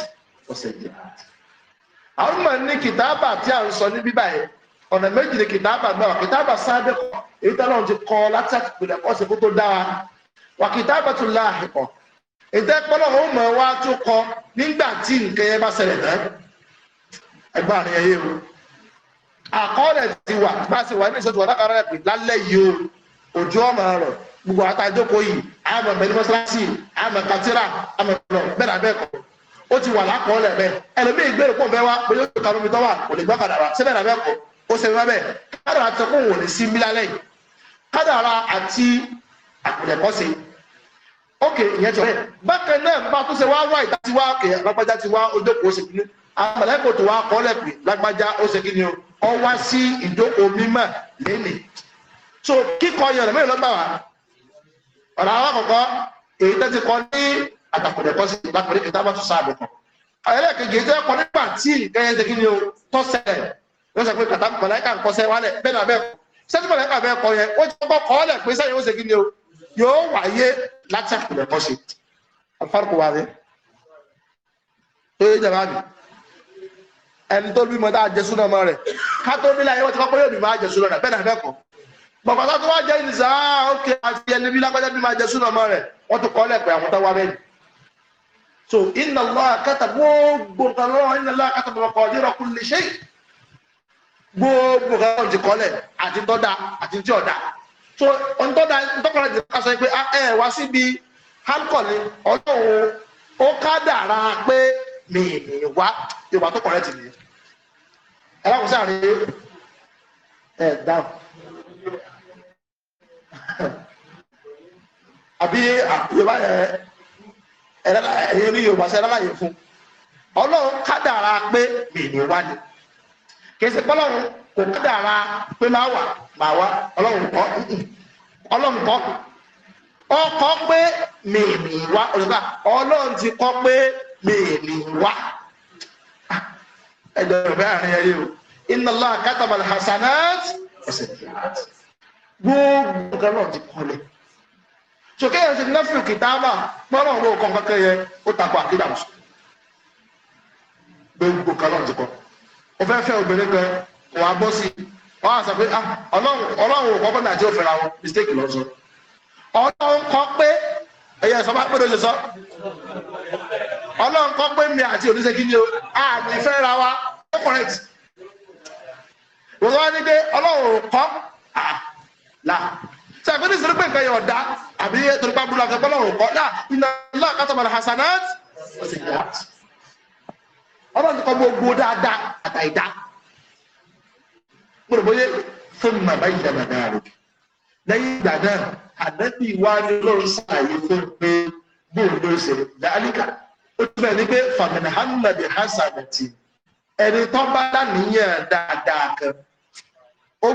kí ọ̀sẹ̀ jẹ́ àwọn ọmọ ní kìtàbà tí a ń sọ ní bíbá yẹn ọ̀nà méjì ni kìtàbà náà kìtàbà sáábẹ̀ kọ́ èyí tẹ́lọ̀ ti kọ́ láti àtìpìlẹ̀ kọ́ sí kó tó dáa wà kìtàbà tún láàyè kọ́ ìtẹ́ pọ́lọ́ ọ̀hún mọ̀ wá tó kọ nígbà tí nǹkan yẹn bá ṣẹlẹ̀ tán ẹgbẹ́ àrùn yẹn yé o àkọọ́lẹ̀ ti wà bá a ṣe wà ní ìṣètò ọ̀dàkàrà rẹ̀ pé lálẹ́ yìí o òjò ọmọ rẹ̀ gbogbo àtàjókòó yìí àmọ̀ bẹ̀rẹ̀ mọ́ṣáláṣí àmọ̀ kàtírà àmọ̀ bẹ̀rẹ̀ abẹ́kọ̀ọ́ ó ti wà lákọọ́lẹ̀ bẹ́ẹ̀ ẹlòmíì gbèrò pọ̀ bẹ́ẹ̀ wá pé yóò ta lómi tọ́wà kò lè gbọ́ kàdàrà síbẹ̀ náà bẹ́ẹ̀ kọ́ ó ṣe bẹ́ẹ̀ kádàrà ti kún wò ní sí mi lálẹ́ yìí kádàrà àti àpilẹ̀kọ́sí ok ìyẹn tí wọ́n bákan náà bá tó ṣe wá wá ìdá tí wá kè lágbájá tí wá ojókòó ṣe kíní àmàlẹ́kò tó wá kọ́ lẹ́pẹ́ lágbájá ó ṣe kíní ọ wá sí ìjókòó mímọ́ lẹ́nìí so kíkọ yẹn lọ́mọ ìlọ́gbà wa ọ̀rọ̀ àwọn àkọ́kọ́ èyí tó ti kọ ní àtàkùn ẹ̀kọ́ sí ìbá pẹ̀lú ìta bá tún sáàbù kan ẹlẹ́ẹ̀kejì ètò ẹ̀kọ́ nígbà tí nǹkan yẹn ṣe kí ni o tọ́ sẹ́ẹ̀ lọ́sẹ̀ pé kàtà mọ̀láìkà ń kọ́sẹ́ wálẹ̀ bẹ́ẹ̀ náà bẹ́ẹ̀ sẹ́tí mọ̀láìkà bẹ́ẹ̀ kọ́ yẹn ó ti kọ́ kọ́ ọ́lẹ̀ pé sẹ́yìn ó ṣe kí ni o yóò wáyé látàkùn ẹ̀kọ́ sí afárùkù wa rẹ̀ tó yé jàmbá mi ẹni tó bímọ tá a jẹ súná mọ rẹ ká tó nílẹ̀ ayé wọn ti kọ́kọ́ yóò bí máa jẹ súná rẹ bẹ́ẹ̀ náà bẹ́ẹ̀ kọ́ bọ̀kọ̀tà tó wá jẹ́ ìnìsà ókè àti ẹni bí lágbájá bí máa jẹ súná mọ wọ́n tó kọ́ lẹ̀ àwọn tó wá bẹ́ẹ̀ ni so inna Allah kátà gbogbo nǹkan lọ́wọ́ inna Allah kátà gbogbo ọkọ̀ ọdún kulli shay gbogbo nǹkan ti kọ́lẹ̀ àti tọ́da àti tí ọ̀dà so ntọ́da ntọ́kọ̀rọ̀ ti ká sọ pé ah, ẹ wá síbi alkọ̀lì ọlọ́run ó ká dára pé mi mi wá yorùbá tó kọ̀rẹ́ tì mí ẹ bá kò sí ẹ dáhùn àbí yorùbá yẹn ẹ̀yẹ ní yorùbá sẹ́rẹ́ láyè fún ọlọ́run kádàrá pé mèmí wá ni kèsì pọ́lọ́run kò kádàrá pé máa wà máa wá ọlọ́run kọ́ ọlọ́run kọ́ ọkọ̀ pé mèmí wá òṣùpá ọlọ́run ti kọ́ pé mèmí wá ẹ̀jẹ̀ òbí àárín ẹ̀rí o inna Allah katabal hasanat ẹ̀sẹ̀ gbogbo nǹkan náà ti kọ́ lẹ̀ sókè yẹn ṣe nọ́ọ̀sì kìtàbà pọ́nrọ̀ ọ̀rọ̀ ọ̀kan kankan yẹn ó takò àkídà mọ̀ bẹ́ẹ̀ gbogbo kan náà kọ́ o fẹ́ fẹ́ obìnrin kan wàá bọ́ sí i wọ́n á sọ pé ah, ọlọ́run ò kọ́kọ́ nàìjíríà fẹ́ra wọn mistake lọ́sọ̀ ọlọ́run kọ́ pé ẹ̀yẹ sọ bá pé ló ṣe sọ ọlọ́run kọ́ pé mi àti oníṣe kí ni o àmì fẹ́ra wa ó correct wọ́n wá ní pé ọlọ́run kọ́ ah, là sàgbé ní sẹ́rẹ́pẹ̀ nǹkan yẹn ọ̀dá àbí torípa burú àgbẹ̀ bọ́lọ́run kọ́ náà iná ńlá kátàmọ̀lá hasanat ọlọ́run ti kọ́ gbogbo dáadáa àtàìdá mo rò bóyá fún màmá yìí dada, rẹ̀ lẹ́yìn ìgbà náà àdẹ́bí wa ni ọlọ́run sàyè fún pé bóun ló ṣe dáríkà ó tún bẹ́ẹ̀ ni pé famina hamad hasanati ẹni tó bá dá níyàn dáadáa kan ó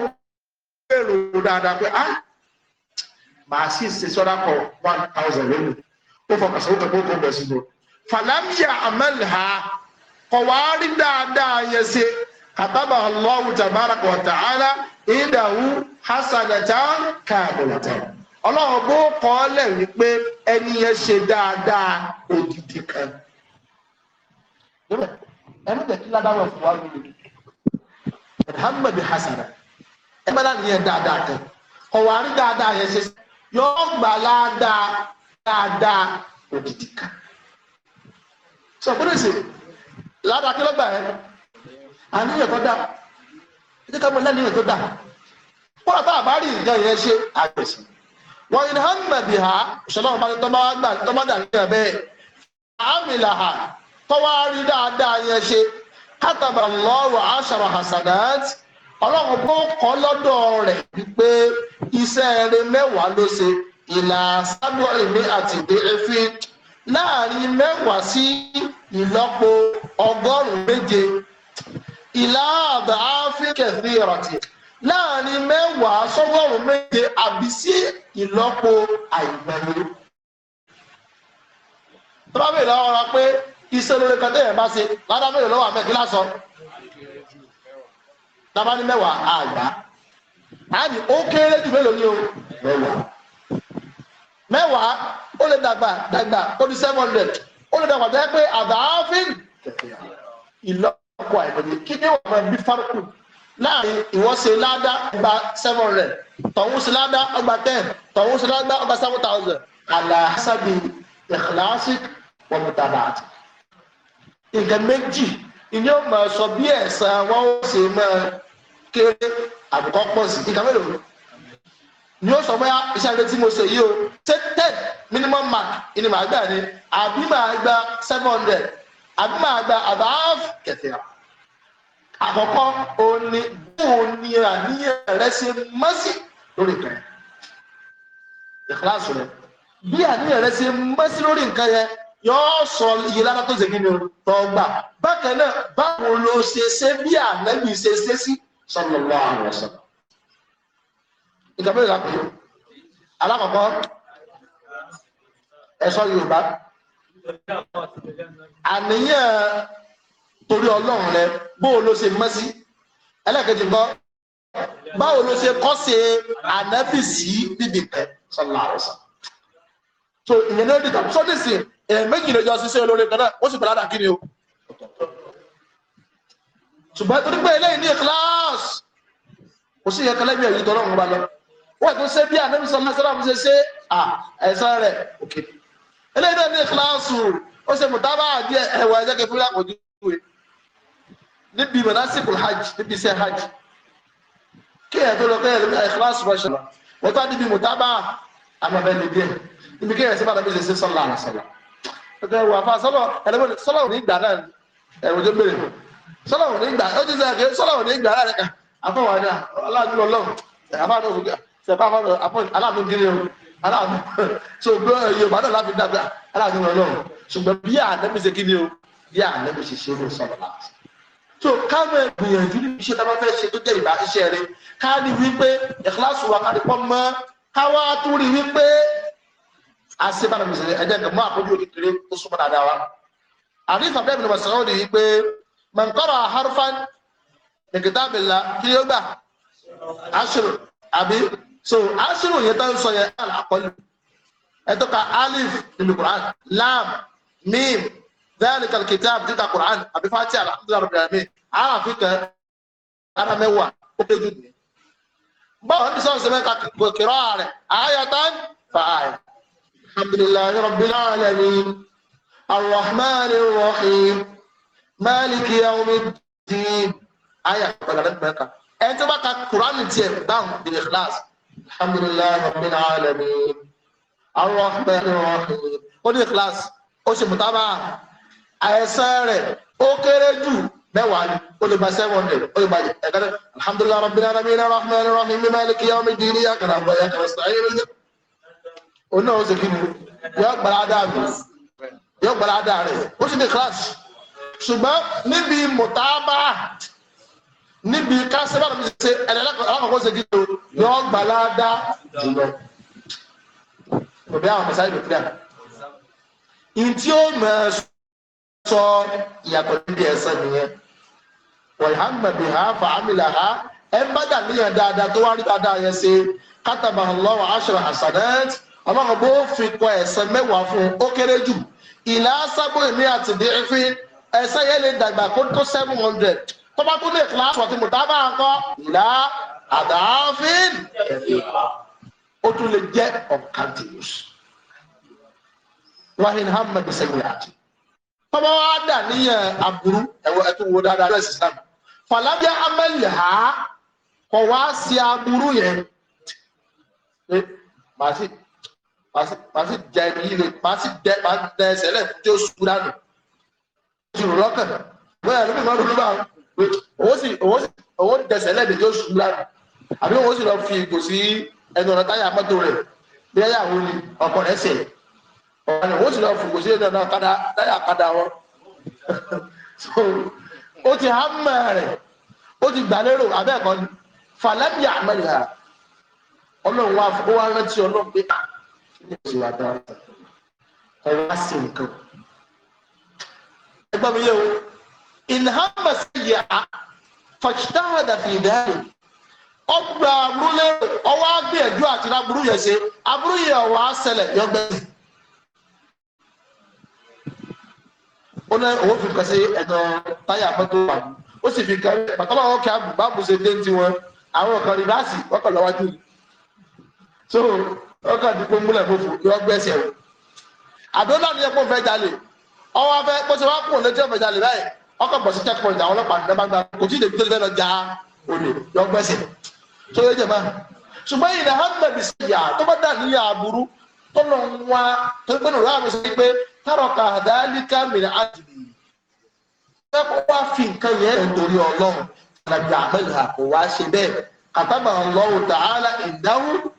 gbèrò dáadáa pé ah màá sì ṣe sọ́dà kọ one thousand lónìí ó fọkàn sọ́wọ́ kan kó bẹ̀ sí i lọ. fàlámìyà amẹ́lìhà kọ̀ wá rí dáadáa yẹn ṣe kàtàbà Allahu tabaraka wa ta'ala ìdàwù hasanatan kamilatan ọlọ́run bó kọ́ lẹ̀ wípé ẹni yẹn ṣe dáadáa odidi kan. ẹnu tẹ̀ kí ládàá fún wa lónìí muhammadu hasana ẹ bá láti dáadáa kan ọ̀wárí dáadáa yẹn ṣe yóò gbà ládàá dáadáa òdìdí kan sọ gbọ́dọ̀ sí ládàá kí ló gbà ẹ́ àníyàn tó dà ẹ jẹ́ ká mọ lẹ́nìyàn tó dà kódà tá a bá rí ìjọ yẹn ṣe àgbẹ̀sìn wọ́n yìí hàn mẹ̀bí ha ṣọlá ọba tọ́mọdà ní ẹ̀bẹ́ àmìlà ha tọ́wárí dáadáa yẹn ṣe kátàbà lọ́rọ̀ àṣàrò hasanat ọlọ́run bó kọ́ lọ́dọ̀ rẹ̀ wípé iṣẹ́ eré mẹ́wàá ló ṣe ìlà sábúrì mi àti ìdẹ́rẹ́fín láàrin mẹ́wàá sí ìlọ́po ọgọ́rùn-ún méje ìlà àbá áfíríkẹ̀fì ìrọ̀tì láàrin mẹ́wàá sọ́gọ́rùn-ún méje àbí sí ìlọ́po àìgbẹ̀rù. tọ́lá bèèrè lọ́wọ́ wa pé iṣẹ́ lórí kan tẹ̀yẹ̀ bá ṣe ládàá bèèrè lọ́wọ́ àmẹ́kí lásán tábà ní mẹ́wàá àgbà á ní ó kéré jù mélòó ni o mẹ́wàá mẹ́wàá ó lè dàgbà dàgbà ó di seven hundred ó lè dàgbà jẹ́ pé àdáfín ìlọ́kọ̀ àìmọye kí ni wọ́n máa bí fárúkù láàrin ìwọ́sẹ̀ ládá ọgbà seven hundred tọ̀hún sí ládá ọgbà ten tọ̀hún sí ládá ọgbà seven thousand alahasabi ikhlasi wa mutabaati nǹkan méjì ìní ò máa sọ bí ẹ̀sán wọn ó ṣe máa kéré àbùkọ́ pọ̀ sí nǹkan mélòó ni ó sọ pé iṣẹ́ rẹ tí mo ṣe yìí o ṣé ten minimum mark ni màá gbà ni àbí màá gba seven hundred àbí màá gba above kẹfìrà àkọ́kọ́ òní bóun ni àníyàn rẹ ṣe mọ́sí lórí nǹkan yẹn ìkíláàsì rẹ bí àníyàn rẹ ṣe mọ́sí lórí nǹkan yẹn yóò sọ iye lára tó ṣègbè ní tọgbà bákan náà báwo ló ṣe ṣe bí ànábì ṣe ṣe sí sallallahu alaihi wasallam. ìjọba ìlà pẹ̀lú alákọ̀ọ́kọ́ ẹ̀sọ́ yorùbá àníyàn torí ọlọ́run rẹ bó ló ṣe mọ́ sí ẹlẹ́kẹ̀jì gbọ́ báwo ló ṣe kọ́ ṣe ànábì sí bíbí pẹ̀ sallallahu alaihi wasallam. so ìyẹn ló dìtà sọ́dẹ̀sì Eh, méjì lè jọ ṣiṣẹ́ olóore kan náà wọ́n sì gbàládà kí ni o ṣùgbọ́n torí pé eléyìí ní kíláàsì kò sí ìyẹn lẹ́gbẹ̀ẹ́ yìí tọ́lọ́run bá lọ wọ́n tó ṣe bí ànábì sọlá sọlá ṣe ṣe àìsàn rẹ̀ òkè eléyìí náà ní kíláàsì ó ṣe mùtábà díẹ̀ ẹ̀wọ̀ ẹ̀jẹ̀ kẹfìlà kò ní ìwé níbi mọ̀násìkò hajj níbi iṣẹ́ hajj kí ẹ̀ tó lọ pé ẹ̀ kíláàsì rẹ̀ ẹ̀tẹ̀ wà fà sọ́lọ̀ ẹ̀lẹ́gbẹ̀rẹ̀ sọ́lọ̀ ní ìgbà náà ẹ̀rù tó bèrè sọ́lọ̀ ní ìgbà ó ti sẹ́yà kí sọ́lọ̀ ní ìgbà náà àfọwà ní aláàdúrà ọlọ́run àfáàdó òfin sẹ̀fà àfọwà àfọwà so gbọ́ yorùbá náà láfi dàgbà aláàdúrà ọlọ́run ṣùgbọ́n bí ànẹ́bí ṣe kiri o bí ànẹ́bí ṣe ṣe so káwọn gbìyànjú ní iṣẹ́ tá a bá fẹ́ ṣe tó jẹ́ ìbá iṣẹ́ rẹ ká ní wípé ìkíláàsì wa ká ní pọ́ mọ́ káwá tó rí wípé ase bá nàbí sẹlẹ ẹjẹ nǹkan mú àpọjù kékeré tó súnmọ́ dáadáa wa àdéhùn fàbẹ́ mi ni wọ́n sọ̀rọ̀ nìyí pé mọ̀nkọ́rọ̀ àhárúfán nìkìtà bìlà kí yóò gbà aṣírò àbí so aṣírò yẹn tó ń sọ yẹn àlà àkọlù ẹ tó ka alif nínú quran lam mim dhalika alkitab dídà quran àbí fati alhamdulilayi rabbil alamin àràfin kẹ ara mẹwàá ó kéjú nìyẹn báwo ní sọ́ọ̀sì mẹ́ta kìrọ̀ rẹ̀ àyàtàn fàáyà. الحمد لله رب العالمين الرحمن الرحيم مالك يوم الدين آية بلغت مكة أنت بقى إيه قرآن تيم دام بالإخلاص الحمد لله رب العالمين الرحمن الرحيم قد إخلاص أوش متابعة آية سارة أوكي جو بواني قل ما سيبون دير قل ما الحمد لله رب العالمين الرحمن الرحيم مالك يوم الدين يا كرام يا كرام استعيني òun náà ó ṣe kíni yóò gbàládà mi yóò gbàládà rẹ ó sì ní kíláàsì ṣùgbọ́n níbi mùtábà níbi kásẹ́bà ló fi ṣe ẹ̀lẹ́lẹ́kọ̀ọ́ ṣe kíni yóò gbàládà jùlọ òbí àwọn ọmọ sáyé lòkúdà ntí ó mọ̀ sọ ìyàtọ̀ níbi ẹ̀sẹ̀ nìyẹn wọ́n yà mọ̀ bí ha fa amílà ha ẹ̀ ń bá dà níyàn dáadáa tó wá rí dáadáa yẹn ṣe kátàbà lọ́wọ́ aṣọ àṣàdẹ́tì ọlọ́run bó fi kọ ẹ̀sẹ̀ mẹ́wàá fún ó kéré jù ìlà sábò èmi àti dèéfì ẹ̀sẹ̀ yẹn lè dàgbà kó tó seven hundred tó bá tún lè kíláàsì ọ̀tí mùtábà ń kọ́ ìlà àdáfín ó tún lè jẹ́ ọ̀kadùnúsì wàhìn hamad sẹ́yìn àti tọ́wọ́ wá dà níyàn aburú ẹ̀wọ̀ ẹ̀tún wo dáadáa lọ́sí islam fàlábíà amẹ́lẹ̀ ha kọ̀ wá sí aburú yẹn màá sì jẹ ẹni yìí lè màá sì dẹ màá dẹ ẹsẹ̀ lẹ tí ó sùn dànù ìṣòro lọ́kàn bóyá ló fi máa ronú bá òwò sì òwò sì òwò dẹsẹ̀ lẹ tí ó sùn dànù àbí òwò sì lọ fi ìgò sí ẹnu ọ̀nà táyà mọ́tò rẹ̀ bí ẹ̀yà wo ni ọkọ̀ rẹ̀ sẹ̀ ọ̀nà òwò sì lọ fi ìgò sí ẹnu ọ̀nà táyà padà wọn ó ti há mọ́ rẹ̀ ti gbà abẹ́ẹ̀kọ́ ni fàlẹ́bíà mẹ́rin ọlọ́run wa rántí ọlọ́run pé ah, ní ìṣòwò àdáńtà ọwọ́ á sì nǹkan. ẹgbẹ́ mi yẹ o ìnáhàmà sí yẹ a fàṣítáhàdà fi dáhùn ọgbà múlẹ ọwọ́ agbẹ̀ẹ́dù àti aburú yẹn ṣe aburú yẹn ọwọ́ á ṣẹlẹ̀ yọgbẹ́ mi. ó ní owó fi kàn sí ẹ̀gbọ́n táyà pẹ́ tó wà ní ó sì fi kàn sí pàtàkì àwọn kí abùbá bùṣe dé tiwọn àwọn kan rìvásì wọ́n kàn lọ́wọ́ jù ọkàn ti pọ́nbúlẹ̀ fòfò yọ gbẹ́sẹ̀ o àdóńdà ni ẹ̀kọ́ fẹ́ jalè ọwọ́ afẹ́ kó ṣe wá kó létí ọ̀fẹ́ jalè báyìí ọkàn bọ̀ sí checkpoint àwọn ọlọ́pàá nígbà gbà kò tí ì débi tó ti fẹ́ lọ ja olè yọ gbẹ́sẹ̀ tó yẹ jẹ̀má ṣùgbọ́n ìlẹ̀ hamlet ṣìyà tó bá dà níyà aburú tó lọ ń wá tó gbé nù láàrin sọ pé tárọ̀kà àdáálíkà mìíràn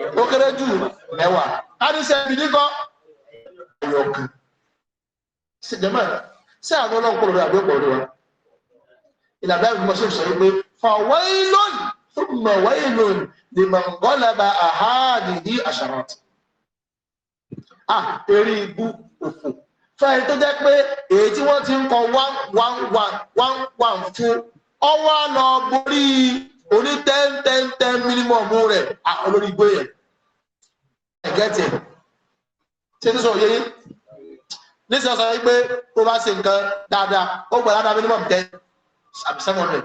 ó kéré jù mẹ́wàá àdìsẹ́ ìbílí kọ́ ọ̀yọ̀kan jẹ́mọ́ sí àwọn ọlọ́pọ̀ lórí àgbẹ̀pọ̀ lórí wa ìlànà ìgbìmọ̀ sí ìṣòro pé fawailun thumma wailun liman ghalaba ahadihi asharat ah eré ibú òfò fẹ́ẹ̀ tó jẹ́ pé èyí tí wọ́n ti ń kọ one one one one one fún ọwọ́ lọ borí oní ten ten ten minimum rẹ̀ olórí igbó yẹn ẹ̀gẹ́tì ṣé tí sọ yẹyí nísìnyí sọ pé tó bá ṣe nǹkan dáadáa ó gbà dáadáa minimum ten àbí seven hundred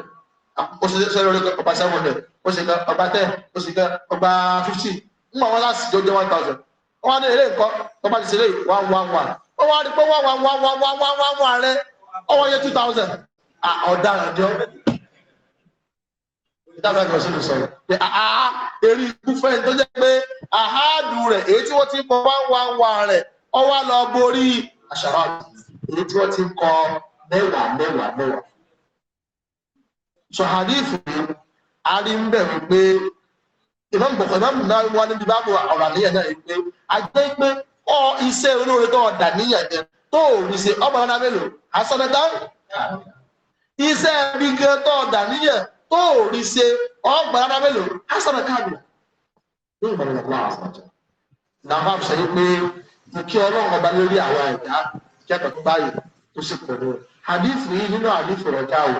ó ṣe sọ́yọ́ lórí ọba seven hundred ó ṣe kan ọba ten ó ṣe kan ọba fifty ń bọ̀ wọ́n láti jọjọ́ one thousand wọ́n á ní eré nǹkan tó bá ti ṣe lé one one one ó wá rí pé one one one one one one one rẹ̀ ọwọ́ yẹ two thousand ọ̀daràn jọ. ìdáhùn àgbà sí ìsọ̀rọ̀ pé àá eré ikú tó jẹ́ pé àhádùn rẹ̀ èyí tí wọ́n ti kọ wá wá wá rẹ̀ ọ wá lọ borí àṣàrà èyí tí wọ́n ti kọ mẹ́wàá mẹ́wàá mẹ́wàá. sọ̀hádì ìfún ń ìmọ̀ náà wá níbi bá bọ̀ ọ̀rọ̀ àníyàn náà pé tó ò rí ṣe ọgbà rárá mélòó asọ̀rọ̀ káàdì yóò gbà nígbà náà àṣàjọ nàbà sọ yìí pé ìkí ọlọ́run ọba lórí àwọn ẹ̀dá kẹ́kọ̀ọ́ tó báyìí tó sì pẹ̀lú hadith yìí nínú hadith rẹ̀ ká o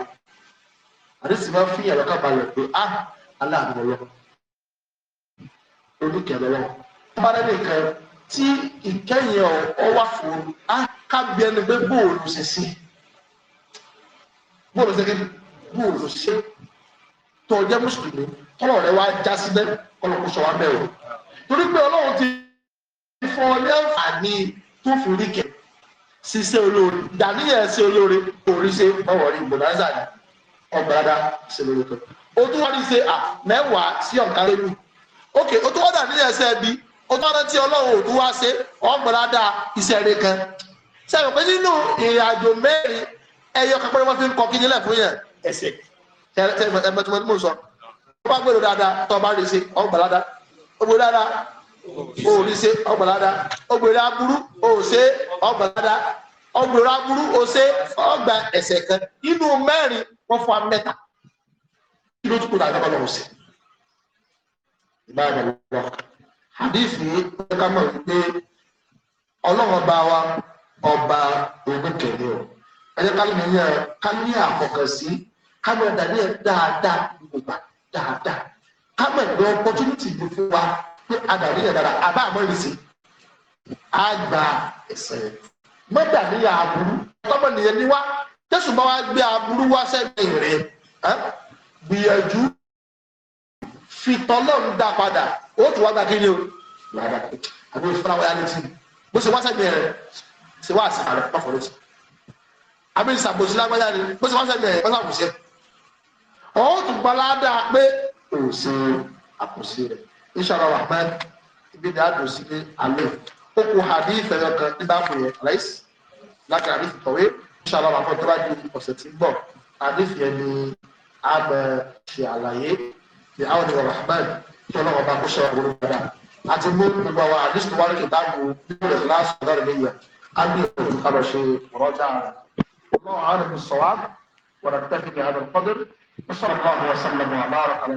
hadith máa ń fi ìyàrá ká balẹ̀ pé a ah, aláàbò lọ oníkẹ̀lẹ́ lọ. bá dẹ́ nìkan tí ìkẹyìn ọwá fún a ah, kábi ẹni pé bóòlù ṣe sí bóòlù ṣe kí bóòlù ṣe sí tó jẹ́ mùsùlùmí kọ́lọ̀ rẹ wá já síbẹ̀ kọ́lọ̀ kó sọ wá bẹ́ẹ̀ o torí pé ọlọ́run ti fún ọ ní àǹfààní tó fi rí kẹ̀ ṣiṣẹ́ olóore dàníyàn ṣe olóore kò rí ṣe ọ̀rọ̀ rí bonanza ni ọgbàdá ṣe lóore tó o tún wá rí ṣe à mẹ́wàá sí ọ̀gá lẹ́nu ok o tún wá dàníyàn ṣe ẹbí o tún wá rántí ọlọ́run ò tún wá ṣe ọgbàdá iṣẹ́ rẹ kan ṣe àgbẹ̀ nínú ìrìn mẹ́rin ẹyọ kan pé fi ń kọ kí nílẹ̀ fún yẹn ẹsẹ̀ ẹgbẹ́ tí mo mú sọ ó bá gbèrò dáadáa tó o bá rí ṣe ọgbà ládàá ó gbèrò dáadáa ó rí ṣe ọgbà ládàá ó gbèrò aburú ó ṣe ọgbà ládàá ó gbèrò aburú ó ṣe ọgbà ẹ̀ṣẹ̀ kan inú mẹ́rin wọ́n fún wa mẹ́ta kí ló tún kó dáadáa lọ́wọ́ sí ìbára lọ hadith yìí ká mọ̀ wípé bá wa ọba ògbókè ni o ẹ jẹ́ ká ní àkọ́kọ́ sí kámọ ìdàdí ẹ dáadáa yorùbá dáadáa kámọ ìgbẹ opportunity yìí fún wa pé àdàdí ẹ dára àbá àmọ ìrìsì á gba ẹsẹ mọdà níyà aburú tọmọ nìyẹn ni wá jésù bá wa gbé aburú wá sẹgbẹyìn rẹ gbìyànjú fìtọ́lọ́run dá padà ó tún wá gba kí ni o àbí fúnra wáyà létí bó ṣe wá sẹ́gbẹ̀ rẹ̀ ṣe wá àṣà rẹ̀ pàfọ́lọ́sì àbí ìṣàbòsí lágbájá ni bó ṣe wá sẹ́gbẹ̀ rẹ̀ pàfọ́lọ́sì ó tún gbalada pé kò ṣe àkùsí rẹ̀ inṣàlá rahman ibi ní àdùn sí ní alẹ́ ó kú hadith ẹ̀yọ kan nígbà fún yẹn aláìsí lákàrà ní ìtọ̀wé inṣàlá rahman tó bá di ọ̀sẹ̀ tí ń bọ̀ hadith yẹn ni a bẹ̀ ṣe àlàyé ní àwọn ìwà rahman tí ọlọ́wọ́ bá kó ṣe ọ̀gbọ́n padà àti mú gbogbo àwọn hadith tó wá ní kìtàbù nínú ìlàsì ọ̀dọ́rẹ̀ lẹ́yìn a ní ìwọ̀n kálọ̀ ṣe ọ̀rọ̀ jáà rẹ̀. الله عالم الصواب ونكتفي بهذا القدر وصلى الله وسلم وبارك على